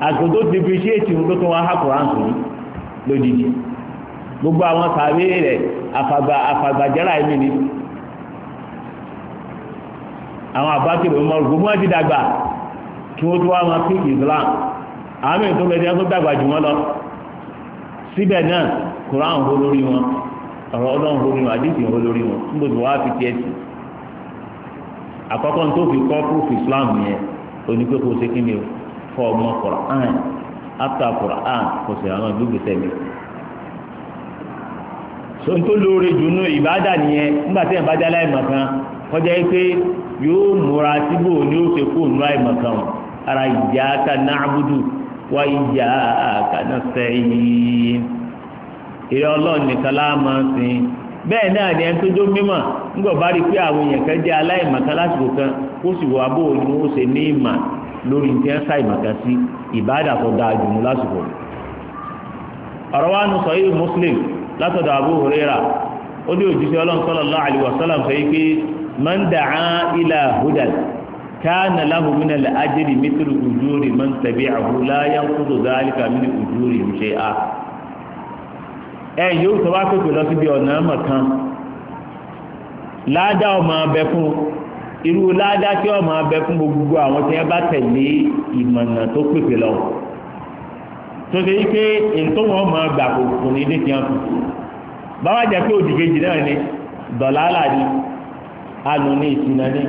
àsìkò tó depreciate ń tó tó wọn hákò ráǹkì lójijì gbogbo àwọn sàbí rẹ̀ àfàgbà àfàgbàjẹ́rà ẹ̀mí ni àwọn àbátì rẹ̀ mọ́ gbogbo wọn ti dàgbà kí wọ́n tó wá wọn pín Islam àwọn mìíràn tó bẹ̀rẹ̀ tó dàgbà jù wọ́n lọ síbẹ̀ náà Quran hó lórí wọn ọ̀rọ̀ ọlọ́run hó lórí wọn àdìsí hó lórí wọn níbo tí wọ́n á fi tiẹ̀ sí àkọ́kọ́ tó fi kọ́ proof Islam yẹn onípẹ́kọ́ ṣe kí ni o. kọ́ ọmọ Quran after Quran kò sì àwọn ìdúgbèsè mi sọ́n lóore dùnú ìbádà nìyẹn nígbà tí ìbá dá láì mọ̀kan kọjá yìí pé yóò múra síbò ní ó ṣe kó láì ara ìjà ká na'budu wá ìjà ká nasta'in ìrẹ́ ọlọ́run bẹ́ẹ̀ náà ni ẹni tó jó mímọ̀ ńgbọ̀ bá rí i pé àwọn èèyàn kan lásìkò kan sì lórí ní tẹ́sà ìmọ̀kà sí ìbáàdà tó dáa jù mú lásìkò ọ̀rọ̀ wa nù sahih Muslim látọ̀dọ̀ Abu Hurairah ó ní òjíṣẹ́ Ọlọ́run sallallahu alaihi wasallam sọ yìí pé man da'a ila hudan kana lahu min al-ajri mithlu ujuri man tabi'ahu la yanqudu dhalika min ujuri shay'a ẹ yóò sọ wá pépè lọ síbi ọ̀nà mọ̀kan láàdá ọmọ abẹ fún un irú ládá tí ọmọ abẹ fún gbogbo àwọn tí wọn bá tẹ̀lé ìmọ̀nà tó lọ tó ṣe wípé ètò mọ gbà kò ní ní tiẹ̀ kù báwa jẹ́ pé òdì kejì náà ni dọ̀làlà ni àánú ní ìsinà ni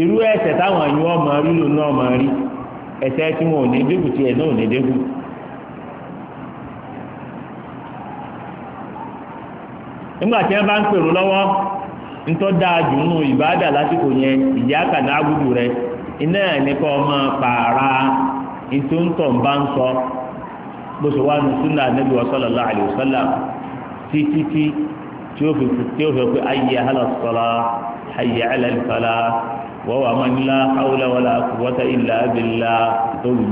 irú ẹ̀ṣẹ̀ táwọn ẹ̀yìn wọn máa náà máa rí ẹ̀ṣẹ̀ tí wọn ò ní dégùn tí ẹ̀ náà ntọ́ dáa jù nù ìbáàdà lásìkò yẹn ìyá kàdá gbùdù rẹ iná ẹ̀ ní kọ́ ọmọ pààrà ètò ńtọ̀ ń bá ń sọ bó ṣe wá nu súnà níbi sallallahu alaihi wasallam títí tí ó fi tí ó fi pé ayé alásọ̀lá ayé alásọ̀lá wọ́n wà mọ́ nílá hawla wala quwwata illa billah tó lù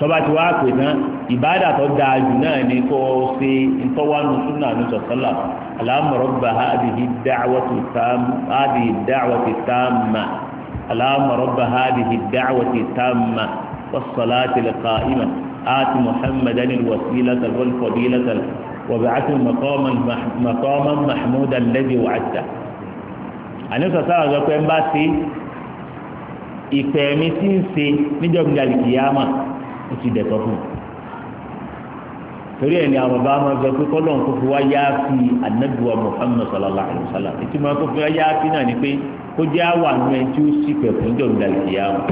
tọba ti wá pè náà ìbáàdà tó dáa jù náà ni kó o ṣe ntọ́wánu súnà ní sọ̀tọ́là aláàmọ̀rọ̀ bá hábìhì dáwàtì táàmà aláàmọ̀rọ̀ bá hábìhì dáwàtì táàmà wàsàlátì lẹ́ka ìmọ̀ آت محمدا الوسيلة والفضيلة وبعثه مقاما مقاما محمودا الذي وعدته. أنا سأسأل أقول بس إكرامي سنسي نجوم ذلك ياما ó ti dẹ̀tọ́ fún un torí ẹni àròbá máa gbẹ pé kọ́lọ́n kó fi wá yááfi anabiwa muhammed sallallahu alayhi wa sallam ètò máa kó fi wá yááfi náà ni pé kó jẹ́ àwọn àwọn ẹni tí ó sì pẹ̀ fún jọ̀ǹda ìyá wọn.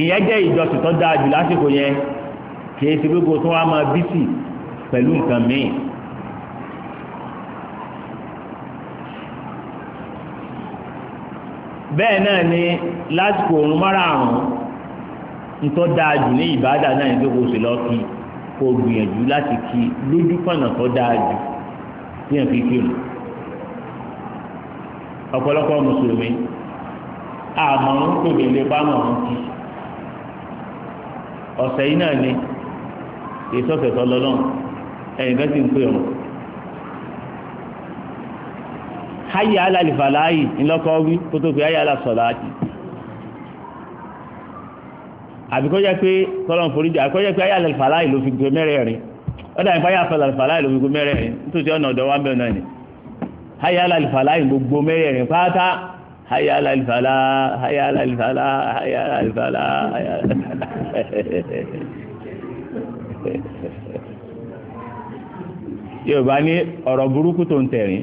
ìyẹn jẹ́ ìjọsìn tó dáa jù lásìkò yẹn kì í ṣe gbogbo tó wá máa bí sí pẹ̀lú nǹkan mìíràn. bẹ́ẹ̀ náà ni lásìkò òun márààrún ntọ́ dáa jù ní ìbáàdà náà ní gbogbo òsè lọ́kì kò gbìyànjú láti kí lójú pọ̀nà tó dáa jù níyàn fi kí o ọ̀pọ̀lọpọ̀ mùsùlùmí àmọ́ ń kò lè lè bá mọ̀ ń kí ọ̀sẹ̀ yìí náà ni èso ọ̀sẹ̀ tó lọ́lọ́run ẹ̀yìn bẹ́ẹ̀ sì ń pè ọ́ háyà alàlìfàláyì ńlọ́kọ́ wí kó tó pé háyà alàsọ̀láàtì àbí kọjá pé kọ́lọ́n foríjì àbí kọjá pé háyà alàlìfàláyì ló fi gbé mẹ́rẹ̀ẹ̀rin ọ̀dà ìfà háyà alàlìfàláyì ló fi gbé mẹ́rẹ̀ẹ̀rin nítorí ọ̀nà ọ̀dọ̀ wa mẹ́rin náà ni háyà alàlìfàláyì gbogbo mẹ́rẹ̀ẹ̀rin pátá háyà alàlìfàlá háyà alàlìfàlá háyà alàlìfàlá háyà alàlìfàlá Yorùbá ní ọ̀rọ̀ burúkú tó ń tẹ̀rín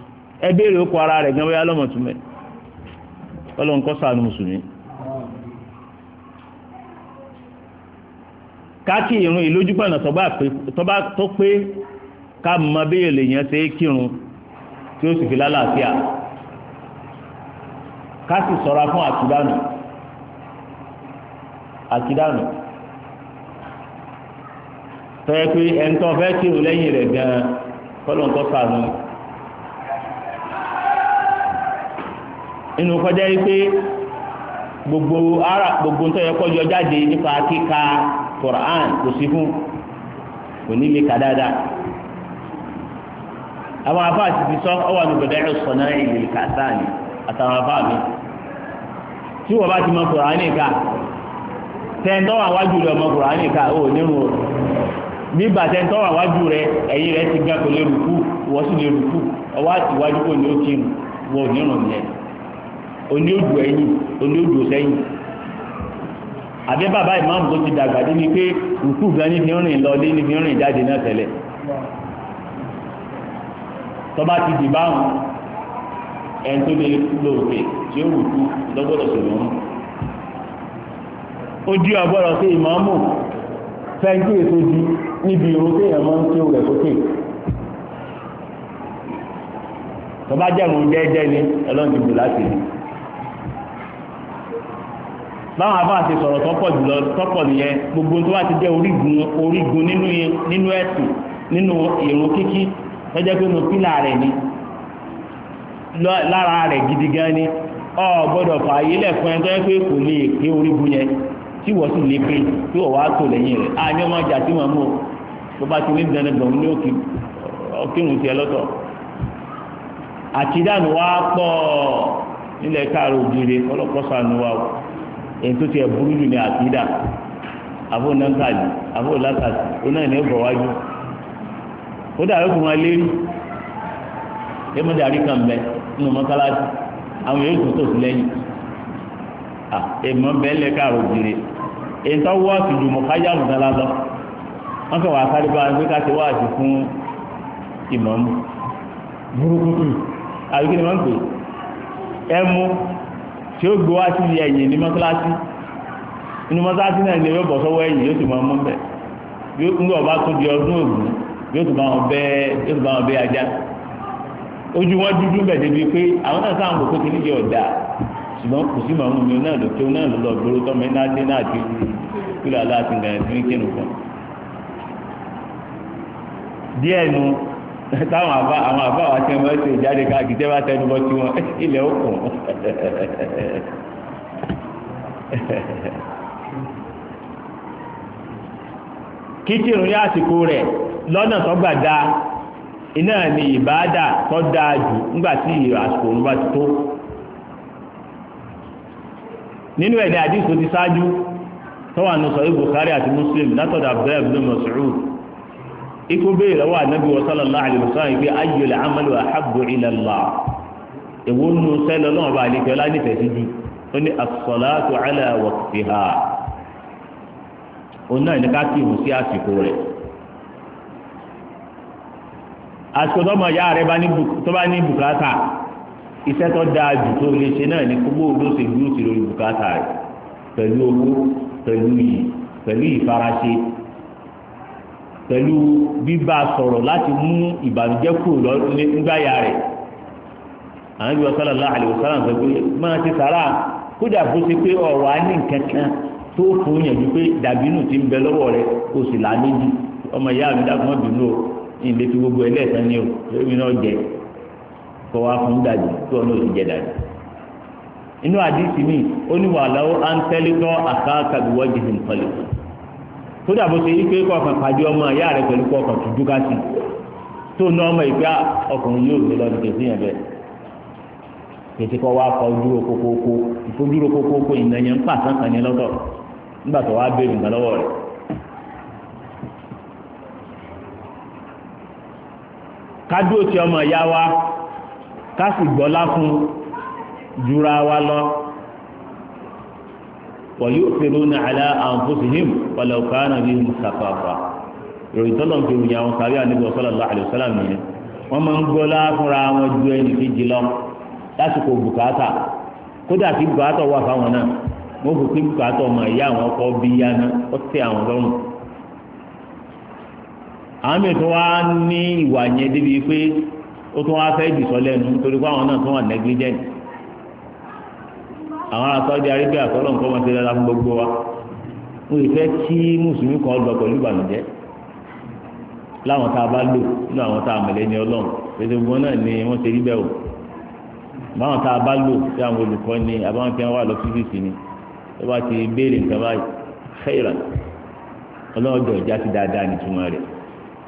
ẹ béèrè ó kọ ara rẹ̀ gan bóyá lọ́mọ túmẹ̀ ọlọ́run kọ́ káàkì irun ìlójúgbọ̀nà tó pé ká mọ bí yẹn ṣe é kírun tí ó sì fi lálàáfíà ká sì sọra fún àkídànù àkídànù tọ́yẹ pé fẹ́ kírun lẹ́yìn rẹ̀ gan inú kọjá yìí gbogbo ara gbogbo ntọ́ yẹ kọjọ jáde nípa kíka Qur'an kò sí fún kò ní lè ka dáadáa àwọn afa àti sọ ọwọ́ àti gbọdọ̀ ẹ̀rọ sọ̀nà ìlú kàtàní àtàwọn afa mi tí wọ́n bá ti mọ Qur'an nìka tẹ̀ntọ́ wà ọmọ Qur'an nìka ó o nígbà ẹ̀yìn ga wọ́n sì lè ọwọ́ àti wájú kò ní ó oní òjò ẹ̀yìn oní òjò sẹ́yìn àbí bàbá ìmáàmù tó ti dàgbà dé ni pé rùkú gan ní fi rìn lọ lé ní fi rìn jáde náà tẹ́lẹ̀ tọ́ba ti dì báwọn ẹni tó lè lo òkè tí ó rùkú lọ́gbọ́dọ̀ sọ̀rọ̀ wọn ó dí ọgbọ́dọ̀ sí ìmáàmù fẹ́ńkì ètò di níbi irun tí èèyàn máa ń kí ó rẹ̀ sókè tọ́ba jẹ́ ìrùn jẹ́jẹ́ ni ẹlọ́ọ̀dìbò láti rí báwọn abá àti sọ̀rọ̀ tọ́pọ̀ jùlọ tọ́pọ̀ gbogbo tó wá ti jẹ́ orígun nínú ẹ̀sìn nínú ìrun kíkí lọ́jọ́ pé mo pílà ni lára rẹ̀ gidi gan ni ọ gbọ́dọ̀ fààyè lẹ̀fún ẹni pé kò lè orígun yẹn tí wọ́n sì lè pé tí wọ́n wá tò lẹ́yìn rẹ̀ á ní ọmọ ìjà tí wọ́n mú bá ti ní dandandan ní òkè ọkírun tiẹ̀ lọ́tọ̀ wa pọ̀ èyí tó ti ẹ̀ burú jù ní àkídà àfọ̀nàntàlì àfọ̀làtàlì oná ní ọgbọ̀ wájú ó dàrú kò máa lérí ẹ mọ́ dàrí kan bẹ nínú mọ́sálásí àwọn yóò tún tòsí lẹ́yìn èèmọ̀ bẹ́ẹ̀ lẹ́ka òjìrè èyí tó wọ́ sí ju mọ̀kájà mọ̀sálá lọ wọ́n kàn wá sáré bá gbé káṣí wá sí fún ìmọ̀ọ́mù burúkú àbíkí ni wọ́n ń pè é mú tí ó gbowá sí ẹ̀yìn ní mọ́sálásí inú mọ́sálásí náà ni yóò bọ̀ sọ́wọ́ ẹ̀yìn yóò sì máa mú bẹ̀ yóò ń gbọ̀ di ọdún ògùn yóò tún bá wọn bẹ́ yóò tún bá bẹ́ ajá ojú wọn dúdú bẹ̀ débi pé àwọn náà sáà ń gbòkó kìíní ọ̀dà ṣùgbọ́n kò sí màmú mi náà náà táwọn àwọn àbá wa tẹ́ wọ́n ṣe ìjáde tẹnu bọ́ wọn ilẹ̀ ó kíkìrún ní àsìkò rẹ̀ lọ́nà tó gbà iná ní ìbáàdà tó dáa jù nígbà tí àsìkò òun bá ti tó. nínú ẹ̀ ní ti ṣáájú tó Muslim látọ̀dọ̀ ikú bẹ́ẹ̀ lọ́wọ́ ànábì sallallahu alaihi wasallam pé ayyul amalu ahabbu ila Allah èwo nù sẹ́lẹ̀ náà bá àlejò ọlá nífẹ̀ẹ́ sí ju ó ní as-salatu ala waqtiha òun náà ní ká kí ìhùn sí àsìkò rẹ̀ àsìkò tó mọ̀ ya rẹ̀ tó bá ní bùkátà iṣẹ́ tó dáa jù tó lè ṣe náà ní gbogbo olóṣèlú ti lórí bùkátà rẹ̀ pẹ̀lú owó pẹ̀lú yìí pẹ̀lú pẹ̀lú bíbá sọ̀rọ̀ láti mú ìbànújẹ́ kúrò nígbàyà rẹ̀ ànábi sallallahu alaihi wasallam sọ pé máa ti sàrà kódà bó ṣe pé ọ̀rọ̀ á ní nǹkan tó fún yẹn ju pé dàbínú ti ń bẹ lọ́wọ́ rẹ̀ kò sì là méjì ọmọ ìyá mi dákun ọ̀bìnú o ìlé fi gbogbo ẹlẹ́sàn ni o èmi náà jẹ kọ́ wa fún dàjú kí ọ náà sì jẹ dàjú inú àdìsí mi ó ní wàhálà ó à ń tẹ́lẹ̀ tọ́ àkáàkàbíwọ́jì nìkan lè fún un. tó dàbò ṣe yí pé kọ̀ọ̀kan pàdé ọmọ ìyá rẹ̀ pẹ̀lú kọ̀ọ̀kan tó dúkà sí tó ná ọmọ ìgbà ah, ọkùnrin yóò gbé lọ́dún kẹsí yẹn bẹ́ẹ̀ kẹsí wá dúró kókókó ìfojúró kókókó ìnáyẹn wá nǹkan wa ká sì gbọ́lá jura wa lọ ويؤثرون على أنفسهم ala كان بهم خفافة ìròyìn tó lọ́n fi ròyìn àwọn sàrí àníbọ̀ sallallahu alaihi wasallam wọ́n máa ń wọn ju ẹnì kejì lọ lásìkò bùkátà kódà kí bùkátà wà fáwọn náà wọ́n fi kí bùkátà ọmọ ìyá àwọn ọkọ bí yáná ó ọkọ àwọn lọ́rùn. àwọn mìíràn tó wá ní ìwà yẹn débi pé ó tún sọ lẹ́nu torí pé àwọn náà tún àwọn ará Saudi Arabia àkọ́lọ́ nǹkan wọn ti dára fún gbogbo wa wọn ì fẹ́ kí mùsùlùmí kan lọ pẹ̀lú ìbànújẹ́ láwọn tá a bá lò nínú àwọn tá a mẹ̀lẹ́ ní ọlọ́run pèsè gbogbo náà ni wọ́n ti rí bẹ́ẹ̀ o báwọn tá a bá lò sí àwọn olùkọ́ ni àbáwọn tí wọ́n wà lọ fífìsì ni tó bá ti béèrè nǹkan báyìí khairan ọlọ́dọ̀ ìjà ti dáadáa nìtumọ̀ rẹ̀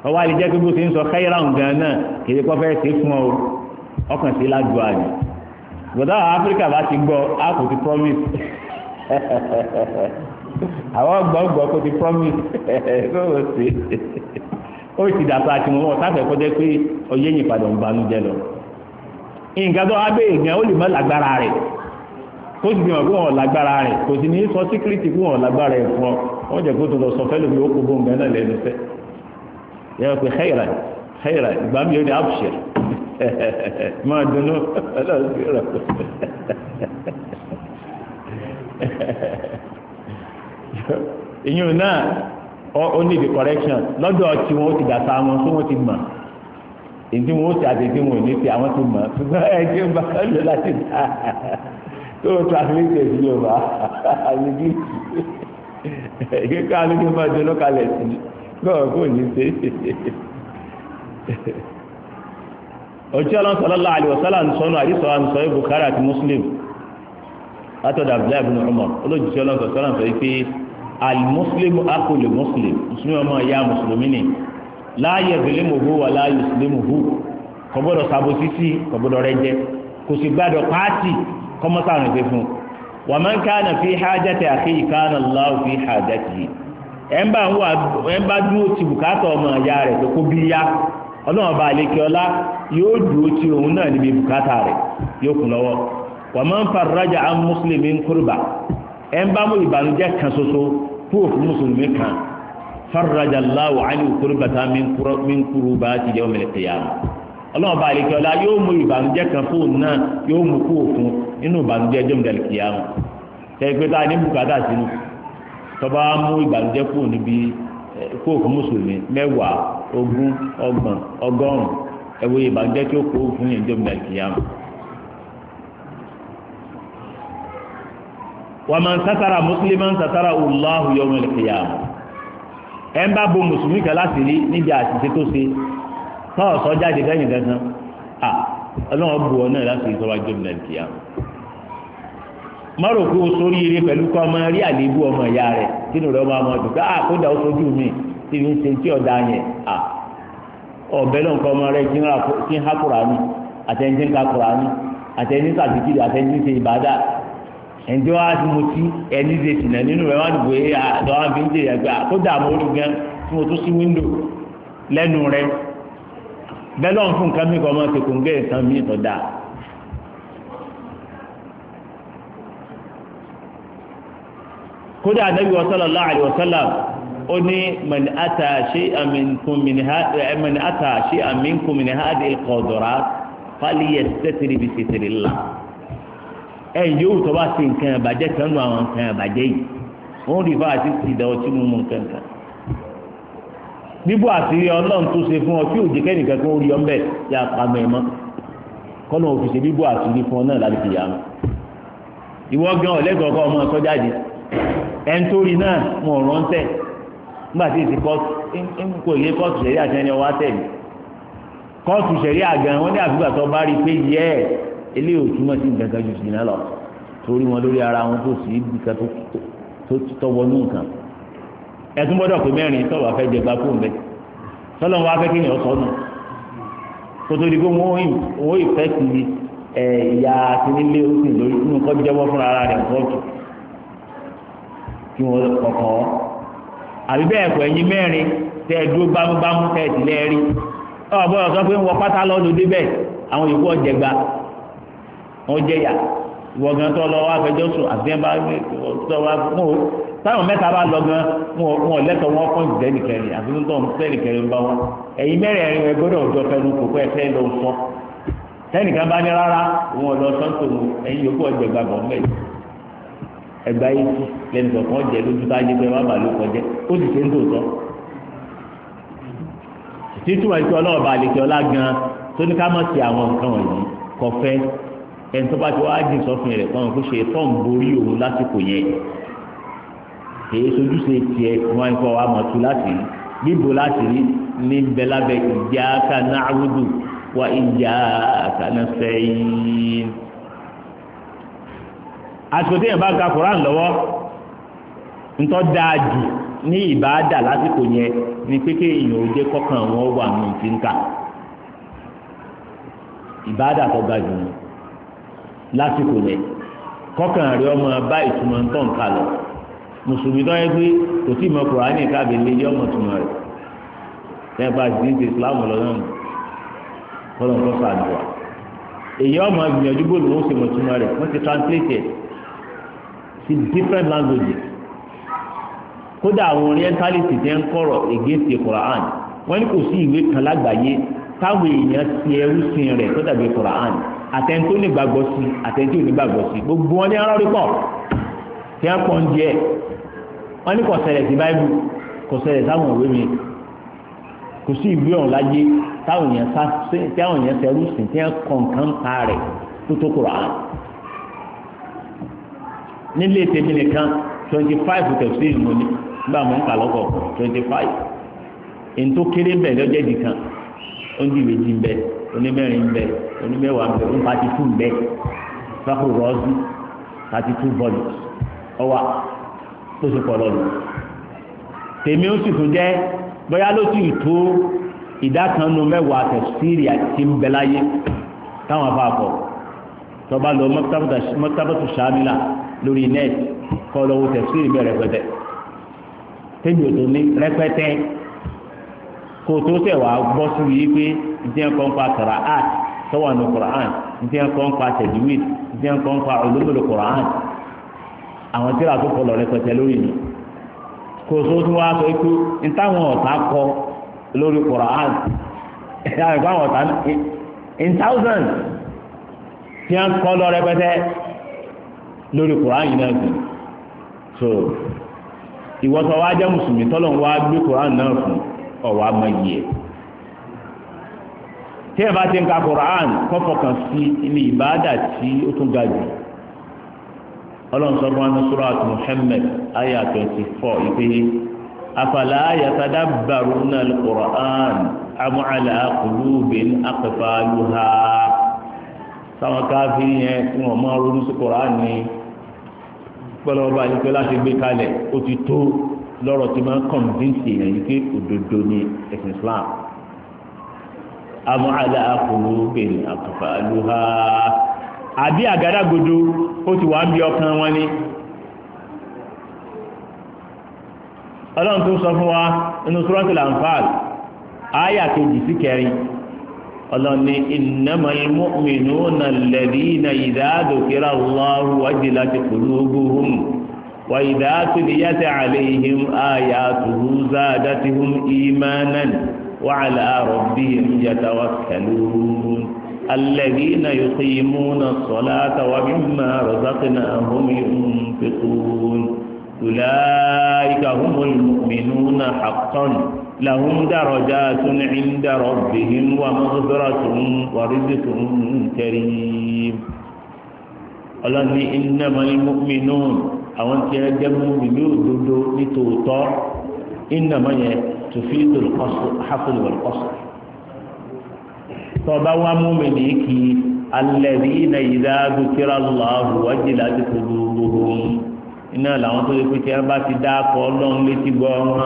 ọwọ́ àlejò pé bó ti ń sọ khairan gan náà kì í kọ́ fẹ́ ṣe fún ọ ọkàn sí ládùúgbò àná gbọ́dọ̀ àwọn áfíríkà bá ti gbọ́ a kò ti promise àwọn gbọ́ngbọ́n kò ti promise lóòrò sí ó ti dàtọ̀ àti mọ́ sáfẹ́ kọjá pé ọyẹ́ yìí padà ń banújẹ́ lọ nǹkan tó abẹ́ èèyàn ó lè mọ́ lágbára rẹ̀ kó sì gbìyànjú pé wọn lágbára rẹ̀ kò sì ní sọ síkírìtì pé wọn lágbára ẹ̀ fún ọ wọn jẹ kó tó lọ sọ fẹ́lẹ́ bí ó kó bóun bẹ́ẹ̀ náà lẹ́nu fẹ́ yẹ kó xeyra xeyra ìgbà mi yóò ní àbùṣe <laughs> máa dunnú ọlọ́run sí rọ̀ <laughs> ìyún náà ó ní the correction lọ́dọ̀ tí wọ́n ti dàtà wọn tí wọ́n ti mọ̀ èdè wọn ó ti àtẹ̀tẹ̀ wọn ò ní ti àwọn ti mọ̀ ṣùgbọ́n ẹgbẹ́ ń bá lọ láti dá tó o translate ẹ̀ sí yorùbá àlejò èké ká àlejò máa jẹ lọ́kàlẹ̀ sí lọ́wọ́ kò ní ṣe é òtí ọlọ́n sallallahu alaihi wasallam ń sọnù àdìsọ wa ń sọ Bukhari àti Muslim látọ̀dọ̀ Abdullahi ibn Umar olójútì ọlọ́n sọlá ń sọ pé al-Muslimu akhu li Muslim mùsùlùmí ọmọ ìyá mùsùlùmí ni la yazlimuhu wa la yuslimuhu kò gbọ́dọ̀ sàbòsísì kò gbọ́dọ̀ rẹ́ jẹ kò sì gbàdọ̀ pààtì kọ́mọ́sàrùn ìfẹ́ fún wa man kana ọlọ́run bá àlékè ọlá yóò dúró tí òun náà níbi bùkátà rẹ̀ yóò kún lọ́wọ́ wọ́n máa ń fa rájà á mùsùlùmí ń kúrúbà ẹ̀ ń bá mú ìbànújẹ́ kan ṣoṣo kú òfin mùsùlùmí kan farrajà láwù ánì kúrúbàtà mí ń kúrúbà ti jẹ́ ọmọ ẹ̀kẹ́ yàrá ọlọ́run bá àlékè ọlá yóò mú ìbànújẹ́ kan fóun náà yóò mú kú òfin inú ìbànújẹ́ ẹjọ́ mi ogun ọgbọn ọgọ́rùn ẹwọ ìbàjẹ́ tí ó kó fún yẹn jọmọ ìkìyàmù. wà máa ń sátara mùsùlùmí ń sátara ọláhù yọmọ ẹ ń bá bo mùsùlùmí kan láti rí níbi àṣìṣe tó ṣe tọ́ọ̀ sọ jáde lẹ́yìn à bu ọ náà láti ìsọwá jọmọ ìkìyàmù. sórí ire pẹ̀lú kọ́ ọmọ rí àléébù ọmọ ìyá rẹ̀ kí tí ń ṣe tí ọ̀dà yẹn à ọ̀bẹ náà kọ́ ọmọ rẹ kí ń há kùránì àtẹni tí ń ka kùránì àtẹni sàtìkìrì àtẹni tí ń ṣe ìbádà ẹ̀ǹdẹ́ wa ti mo ti ẹni ṣe tìǹà nínú rẹ wá ní bòye àdọ́ wa fi ń jèrè àgbà kó dààmú olú gan tí mo tún sí wíńdò lẹ́nu rẹ bẹ́ẹ̀ lọ́n fún nǹkan mi kọ́ ọmọ tẹkùngẹ́ ìtàn mi ìtọ́da kódà Ànábì sallallahu alaihi wasallam ó ní mẹni ata eh, ṣe àmínkùn mìíràn hádìí ìkọ̀dọ̀rà fáliyẹ sẹ́tìrì bí sẹ́tìrì ńlá yóò tọ́ bá sí nǹkan ìbàjẹ́ kan nù àwọn nǹkan ìbàjẹ́ yìí wọ́n rí fáwọn àti ìdáwọ́ tí mo mú nǹkan kan bíbú àtìrí ọlọ́run tó ṣe fún ọ tí òjì kẹ́nìkan rí yà pàmò kọ́nà bíbú àtìrí fún ọ náà láti fi ìwọ gan ọmọ jáde ń torí náà tẹ̀ nígbà tí èsì kóòtù ń kò yé kóòtù sẹ̀rí àti ẹni ọwọ́ àtẹ̀lé kóòtù sẹ̀rí àgàn wọn ní àfihàn tó bá rí i pé yẹ ẹ eléyìí ò túmọ̀ sí nǹkan kan ju sí náà lọ torí wọn lórí ara wọn tó sì ibi kan tó tọwọ́nú nǹkan ẹtún gbọ́dọ̀ pé mẹ́rin tọ́lọ̀ afẹ́ jẹ gbá fóun bẹ́ẹ̀ tọ́lọ̀ wọn afẹ́ kéèyàn sọnù kótó di pé wọ́n ìfẹ́ ti ìyá akínílé ó sì lórí inú kọ́ jẹ́wọ́ fúnra rẹ̀ kóòtù kí wọ́n kọ̀ọ̀kan àbí bẹ́ẹ̀ kọ́ ẹ̀yin mẹ́rin tẹ́ ẹ dúró gbámúgbámú tẹ́ ẹ ti lẹ́ rí pé ń wọ pátá lọ́dún débẹ̀ àwọn yòókù ọ̀jẹ̀ wọn ìwọ gan tó lọ wá sùn ẹ bá tó wá o táwọn mẹ́ta bá lọ gan wọn lẹ́tọ̀ wọn ìdílé nìkẹrin tó ń bá ọjọ́ fẹ́ lọ sọ bá ní rárá ẹgbà yìí lẹ́nu kọ̀ọ̀kan jẹ lójú tá a jẹ pé wọ́n bá ló kọjẹ ó sì ṣe ń tòótọ́ títúmọ̀ ìṣọ́ ọlọ́ọ̀bà àlejò ọlá gan tó ní ká mọ̀ sí àwọn nǹkan wọ̀nyí kọfẹ́ ẹni tó bá ti wá jìn sọ́fin rẹ̀ kọ́n kó ṣe tọ́n borí òun lásìkò yẹn èyí sojúṣe tiẹ̀ wọn kọ́ wa mọ̀ tu láti rí bíbo láti rí ní bẹ́lábẹ́ ìjà kanáà wúdù wa ìjà kanáà sẹ́yìn. àsìkò tí yẹn bá ka koran lọ́wọ́ ntọ́ jù ní ìbáàdà lásìkò yẹn ò kọ́kàn wọn wà ń kà tó ga jù lásìkò lọ mùsùlùmí tó yẹ pé kò tí ì mọ koran ní káàbí lé yọ ọmọ tùmọ̀ rẹ̀ lẹ́yìn bá ti islam lọ́dún kọ́lọ́n kọ́ sàdùà ọmọ wọn sì mọ̀ sí different languages kódà àwọn orientalist ti ń kọ̀rọ̀ against the Quran wọ́n ní kò sí ìwé kan lágbàáyé táwọn èèyàn ti ẹrú sin rẹ̀ tó dàbí Quran àtẹ̀ntó ní gbàgbọ́ sí àtẹ̀ntó ní gbàgbọ́ sí gbogbo wọn ní ará rí pọ̀ tí wọ́n pọ̀ ń jẹ́ wọ́n ní kò ṣẹlẹ̀ sí báyìí kò ṣẹlẹ̀ sáwọn òwe mi kò sí ìwé ọ̀hún láyé táwọn èèyàn sẹ́rú sìn tí wọ́n kọ̀ọ̀kan pa rẹ̀ tó tó Quran nílé tèmi nìkan twenty five tẹ̀síìlì mo ní nígbà mo ń kà lọ́kọ̀ twenty five èyí tó kéré bẹ̀ lọ́jọ́ ìdì kan oníbejì ń bẹ onímẹ́rin ń bẹ onímẹ́wàá ń bẹ oní thirty two ń bẹ fáfù rọ́ọ̀sì thirty two volumes ọwà tó ṣe pọ̀ lọ́nà tèmi ó sì tún jẹ́ bóyá ló sì tó ìdá kan nu mẹ́wàá tẹ̀síìlì àti ń bẹ láyé táwọn tọba lọ mọ́tàbọ̀tò sàmìlà lórí net kọ́ lọ́wọ́ tẹ̀síìrì bẹ́ẹ̀ rẹpẹtẹ tẹ́jú tó ní rẹpẹtẹ kò tó tẹ̀ wá bọ́ sí yìí pé ìdíyẹn kan pa kàrà art tọ́wọ́ àná Qur'an ìdíyẹn kan pa tẹ̀júwìd ìdíyẹn kan pa ulumul Qur'an àwọn tíra tó kọlọ̀ rẹpẹtẹ lórí mi kò tó tún wá sọ pé ntáwọn ọ̀tá kọ lórí Qur'an ẹ̀ka àwọn ọ̀tá in thousand tí kọ́ lọ rẹpẹtẹ lórí kùránì náà sí so ìwọ́sọ̀ wa jẹ́ mùsùlùmí tọ́lọ̀ wa gbé kùránì náà fún ọ̀wà mọ̀yì ẹ̀ tí ẹ bá ti ń ka kùránì kọ́fọ̀kan sí ilé ìbáàdà tí ó tún ga jù ọlọ́run sọ fún muhammed aya twenty four ìpè afala yatadabbaruna al-Qur'an am ala qulubin aqfaluha sáwọn káfíń yẹn tí wọ́n máa ronú sí kùránì ni pẹ́lú ọba àti pẹ́lú àti gbé kalẹ̀ ó ti tó lọ́rọ̀ tí máa ń kọ̀ǹdínsì èèyàn yìí pé òdodo ni ẹ̀sìn Islam àmọ́ àlẹ́ àkùnú bèrè àkùnfà lóha àbí àgádágodo ó ti wà ń bí ọkàn wọn ni ọlọ́run tó sọ fún wa nínú Suratul Anfal áyà kejì sí kẹrin ọlọ́ni ìnáma imú mìínú na lẹ́dí na ìdáàdò kíra lọ́rù wájì láti kùnú ogóhùn wà ìdáàtò ní yàtẹ̀ àlẹ́yìn àyà àtùrú záàdáti hùn ìmánan wà àlàárọ̀ bí ìyàtà wà kẹlùún alẹ́dí na yòókè imú na sọ́lá tàwa bí mà rọ̀zákì na àhùn yòókùn fẹ́kùn tùlá ìkàhùn mọ̀lùmínú na àkọ́nù. لهم درجات عند ربهم ومغفرة ورزق كريم الله إنما المؤمنون àwọn tí a jẹ́ mú mi yóò dodo ní tòótọ́ ìnàmọ́ yẹn tó fi dòrò kọ́sù hafúlù wọ̀lù kọ́sù. tọ́ba wa mú mi ní kí alẹ́bí iná ìdá dúkìrá lọ́hùn wájú láti kó gbogbo ohun iná làwọn tó yẹ pé tí a bá ti dá akọ ọlọ́run létí gbọ́ wọn.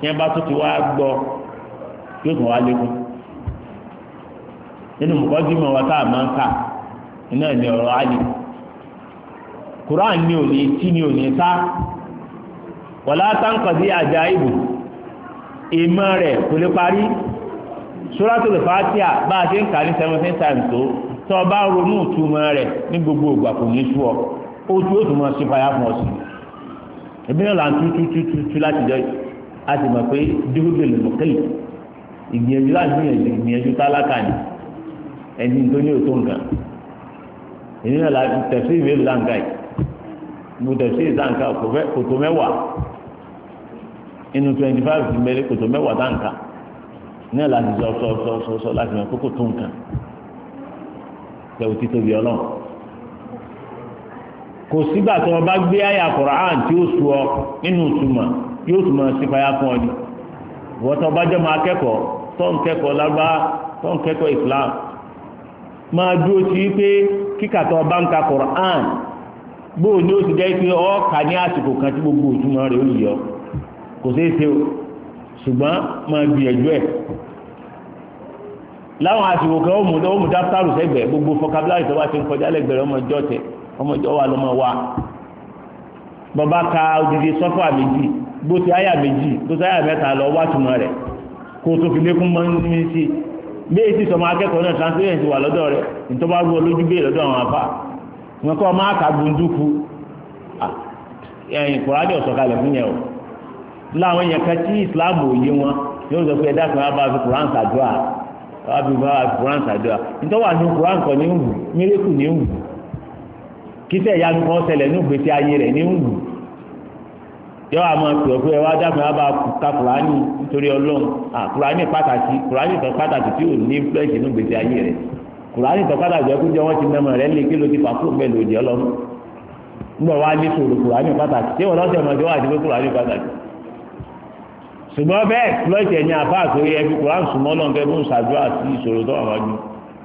kí ẹ bá tó ti wá gbọ́ yóò tún wá lékún nínú mọ̀kọ́jú mọ̀ wá tá a máa ń kà iná àjà ìbò ìmọ̀ rẹ̀ kò lè parí bá a ṣe ń kà ní seventeen times tó bá ronú ìtumọ̀ rẹ̀ ní gbogbo ọ tún tún mọ̀ sí fàyà ọ sí là ń tú tú tú tú láti a sì mọ̀ pé dúró lè mọ̀kẹ́lì ìgbìyànjú láti gbìyànjú ìgbìyànjú tálákà ni ẹni tó ní òtó nǹkan èyí náà láti tẹ̀sí ìwé ìlànkà yìí mo tẹ̀sí ìlànkà kòtò mẹ́wàá inú twenty five ti mẹ́rin kòtò mẹ́wàá dáǹkà náà láti sọ sọ sọ sọ sọ láti mọ̀ pé kòtò nǹkan tẹ̀wò títóbi ọlọ́run kò sígbà tí wọ́n bá gbé àyà Kùránì tí ó sùọ́ nínú ìtumọ̀. yóò tún máa ṣe ni wọ́tọ̀ bá jẹ́ máa kẹ́kọ̀ọ́ tó ń kẹ́kọ̀ọ́ lágbá tó ń kẹ́kọ̀ọ́ Islam máa dúró sí kíkàtọ̀ bá ń ka Quran bóò ti jẹ́ pé ọ́ ní àsìkò kan tí gbogbo òtúmọ̀ rẹ̀ ó lè yọ kò sí ṣe o ṣùgbọ́n máa gbìyànjú ẹ̀ láwọn àsìkò kan ó mú gbogbo fọkàbíláì tó bá ti ń kọjá lẹ́gbẹ̀ẹ́ ọmọdé ọ̀tẹ̀ ọmọdé ọwà lọ́mọ wa bàbá bó ti àyà méjì tó sáyà mẹ́ta lọ wá túmọ̀ rẹ̀ kó o tó fi lékún mọ́ ní sí bí èsì sọmọ akẹ́kọ̀ọ́ náà wà lọ́dọ̀ rẹ̀ ìtọ́ba gbọ́ lójú bẹ́ẹ̀ lọ́dọ̀ àwọn afá wọn kọ́ máa kà gbóndúkú ẹ̀yìn kùránì ọ̀sọ̀kalẹ̀ fún o láwọn èèyàn kan tí ìsìláàmù òye wọn yóò sọ pé ẹ̀dá kan á bá fi á fi bá ìtọ́wà ní kan ní ń wù ní ń wù kí ní ayé rẹ̀ yọ àmọ́ pẹ̀lú ẹ wá dáhùn ẹ bá ka kùránì nítorí ọlọ́run à kùránì pàtàkì kùránì tó pàtàkì tí ò ní influence inú gbèsè ayé rẹ kùránì tó pàtàkì ẹkú jẹ wọn ti mẹmọ rẹ lè kí ló ti fàkó bẹ́ẹ̀ lòdì ọlọ́run nígbà wá ní sòrò kùránì pàtàkì tí wọn lọ́sẹ̀ mọ̀jọ́ wà síbi kùránì pàtàkì ṣùgbọ́n bẹ́ẹ̀ lọ́sẹ̀ ní àbá àtòrí ẹbí kùránì sùmọ́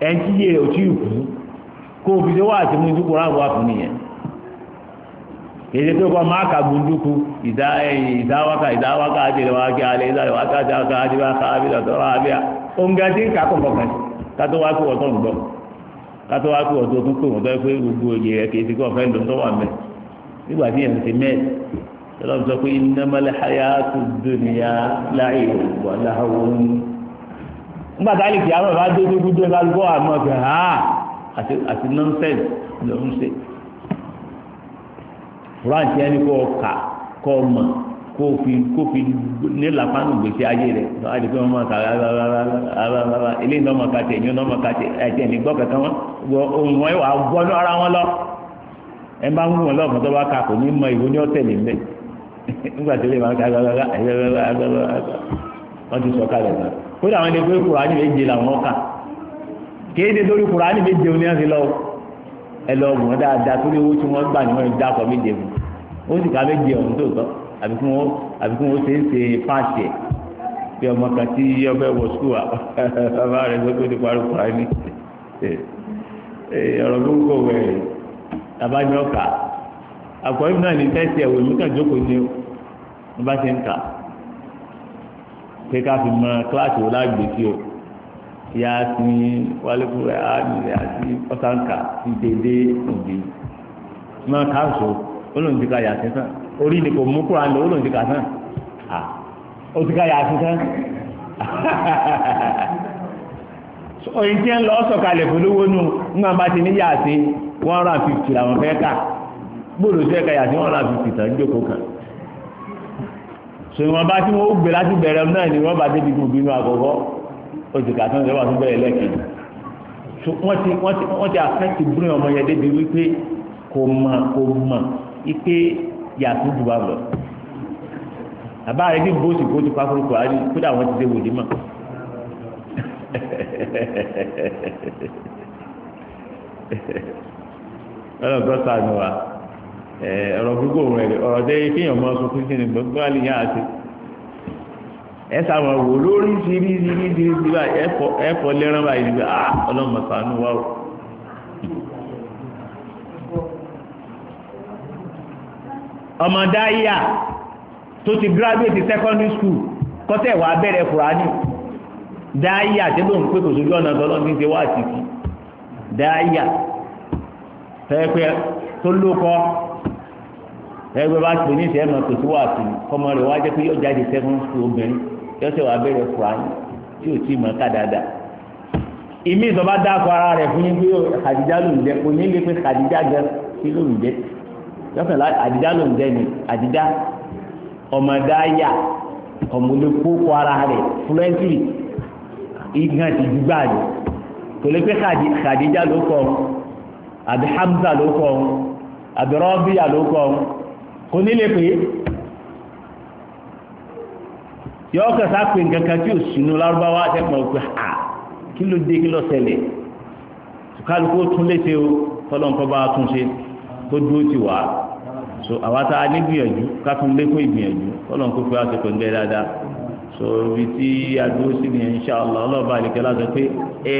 ẹn tí yé rẹ̀ ò tí ì kú kó o fi ṣe wá àti mú ìdúkú ráàbù wá fún nìyẹn èdè tó kọ́ máa ka gbunduku ìdá ìdáwáka ìdáwáka àdìrẹ́wáka alẹ́ ìdáwáka àdìrẹ́wáka àdìrẹ́wáka àbílọ̀tọ́rọ̀ àbíà oúnjẹ tí ń kà kọ́ kọ̀ọ̀kan kátó wá kó wọ́tọ̀ ń gbọ́ kátó wá kó wọ́tọ̀ tó kó wọ́tọ̀ pé gbogbo òye rẹ̀ kìí ti kọ́ fẹ́ lọ́tọ́ wà mẹ́ nígbà tí yẹn ti mẹ́ẹ̀ tọ́lọ́mù sọ pé innamal hayatu dunya láì wọ́n láwọn nígbà tá a lè kí àwọn bá dé dúdú ẹ bá gbọ́ àmọ́ ọ̀gbẹ́ ha àti àti nọ́ńsẹ̀nsì ló ń ṣe. Quran ti ẹni kọ́ ọ̀ka kọ́ ọmọ kó fi kó fi nílà pánù gbèsè ayé rẹ̀ náà àti pé wọ́n máa kà rárá eléyìí náà máa kà tẹ̀ ẹ̀yìn náà máa kà tẹ̀ ẹ̀tẹ̀ ní gbọ́ kankan wọn ohun wọn wà gbọ́nú ara wọn lọ ẹ bá ń wọn lọ́ọ̀fọ̀ tó bá kà kò ní mọ ìwé ní ọ̀tẹ̀lẹ̀ mbẹ́ <laughs> nígbà tí ó lè máa kà rárá wọ́n ti sọ kalẹ̀ náà kódà àwọn ẹni pé kùránì méje làwọn kà kéde torí kùránì méje ní ẹ̀sìn lọ ẹ lọ wọ́n dáadáa torí owó tí wọ́n gbà ní wọ́n dá akọ méje mu ó sì ká méje ọ̀hún tó tọ́ àbí kí wọ́n àbí kí wọ́n ṣe é ṣe páàṣẹ bí ọmọ kan tí ọbẹ̀ wọ skul bàbá rẹ̀ gbé tó ti parí kùránì ọ̀rọ̀ gbogbo wẹ̀ abájọ́ kà àkọ́yìn náà ní tẹ́sí ẹ̀wọ̀ èmi kàn jókòó ní ọ pé fi mọ kíláàsì wo lágbè o ya sí wálébùrẹ àmìlẹ àti ọsànkà ti dédé òbí máa káàsó olóhùn ti ka sàn orí ni kò mú kúrò àná olóhùn sàn à ó ti ka sàn <laughs> oyin tí ń lọ ńgbà bá ti ní one hundred and fifty làwọn fẹ́ kà gbọ́dọ̀ sí ẹ̀ka one hundred and fifty tàn jókòó kan. so ìwọ̀n bá tí wọ́n gbé láti bẹ̀rẹ̀ náà ni wọ́n bá débi gbogbo inú àkọ́kọ́ oṣù kàtàn ìjọba tó bẹ̀rẹ̀ lẹ́ẹ̀kejì so wọ́n ti wọ́n ti wọ́n ti àfẹ́tì búrú ọmọ yẹn débi wípé kò mọ̀ kò mọ̀ ipe yàtọ̀ jù bá lọ bàbá rẹ bí bóòsì kó ti pákó kó àárín kódà wọ́n ti dé wòlé mọ̀ <laughs> ọlọ́gbọ́n sànù wa. Eh, ọ̀rọ̀ gbogbo rẹ̀ ọ̀rọ̀ tẹ́ kéèyàn mọ́ sọ fún kíni gbogbo àlìyàn àti ẹ wò lórí ṣírí ṣírí ṣírí ṣírí báyìí ẹ̀fọ́ lẹ́rán báyìí níbi ah, ọlọ́mọ sànú wà ó. ọmọ dáíyà tó ti graduate secondary school bẹ̀rẹ̀ tí ló ń pè kò sójú ọ̀nà tọ́lọ́ ní ti wá pẹ́ ẹgbẹ́ bá pè ní ìṣẹ́ máa pèsè wà sí kọ́mọ rẹ̀ wá jẹ́ pé yóò jáde sẹ́kún sí obìnrin yọ́sẹ̀ wà bẹ̀rẹ̀ kùránì tí ò tí ì mọ̀ ká dáadáa. ìmí ìsọba dáko ara rẹ̀ fún yín pé Khadija ló ń jẹ kò ní lè pé Khadija gan kí ló ń jẹ yọ́sẹ̀ lá Khadija ló ń jẹ ni Khadija ọmọdáyà ọmọlẹ́kọ́kọ́ ara rẹ̀ fúlẹ́ńtì igan ti ju gbáàdì kò lè pé Khadija ló kọ́ àbí Hamza ló kọ́ àbí Rọ́bíyà ló kọ́ kò nílé pé yọ kẹsà pé nǹkan kan tí ò sínú lárúbáwá àtẹ̀pọ̀ pé à kí ló dé kí ló ṣẹlẹ̀ kálukú tún léṣe o fọlọ́nkọ́ bá tó dúró ti wà so àwa tá a ní gbìyànjú ká tún lékún ìgbìyànjú fọlọ́nkọ́ pé a ṣe pẹ̀lú ẹ dáadáa. so ibi tí a dúró sí ni inshallah ọlọ́ọ̀bá àlìkẹ́ láti pé ẹ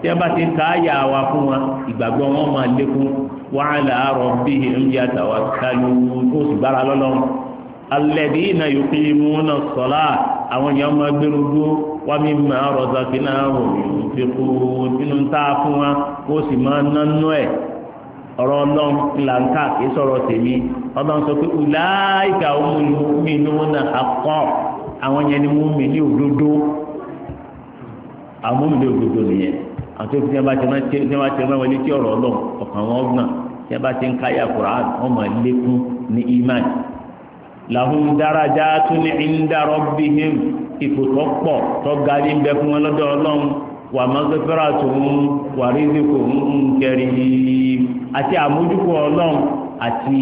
tí a bá ti ká àyà wa fún wa ìgbàgbọ́ wọn máa lékún wa ala rabbihim yatawakkalun kó sì gbára lọ́lọ́run alladhina sọla àwọn èèyàn máa dúró a fún wa kó sì máa nánú ẹ̀ ọ̀rọ̀ ọlọ́run ńlá ń sọ̀rọ̀ tèmi ọlọ́run sọ pé àwọn yẹn ni mùmínì ní òdodo àwọn mùmínì ní òdodo nìyẹn àwọn tó fi tí wọ́n bá ti rán wọn létí ọ̀rọ̀ ọlọ́run ọ̀kan wọn gbọ̀n tí wọ́n bá ti ń káyà lékún ní inda rabbihim ipò tó pọ̀ tó ga ní bẹ fún wọn wa àti àti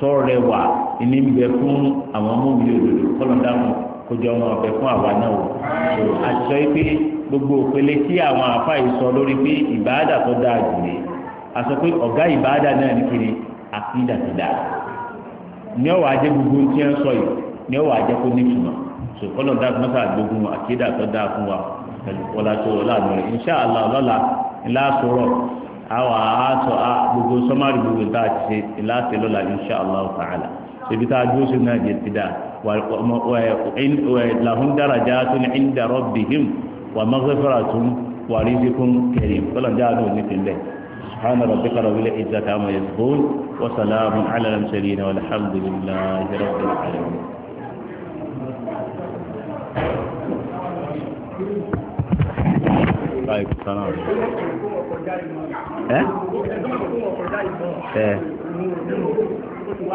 tó rẹwà ìní ń bẹ fún àwọn ọmọ mi òdòdó kọlọńdàmù kójọ ọmọ ọbẹ fún àwa náà wò so àṣọ yìí pé gbogbo òpele tí àwọn àfa yìí sọ lórí pé ìbáàdà tó dáa jù lé àṣọ pé ọ̀gá ìbáàdà náà ní kiri àkídà ti ní ọwọ́ ajé gbogbo tí ń sọ yìí ní ọwọ́ ajé kó ní ìtumọ̀ so kọlọńdàmù náà sàgbógun àkídà tó dáa fún wa pẹ̀lú kọlá tó láàánú rẹ̀ inṣàlá ọlọ́la ńlá sọ̀rọ̀ àwọn àásọ gbogbo sọmárì gbogbo tá a ti ṣe ńlá ṣe lọ́la inṣàlá ta'ala ṣèbí tá a dúró sí náà jẹ́ ti dá lahum darajatun inda rabbihim wa maghfiratun wa rizqun karim kọ́lọ̀ jáde òní ti lẹ̀ سبحان ربك رب العزة عما يصفون وسلام على المرسلين والحمد لله رب العالمين Alaikum salaam. Ẹ? Ẹ.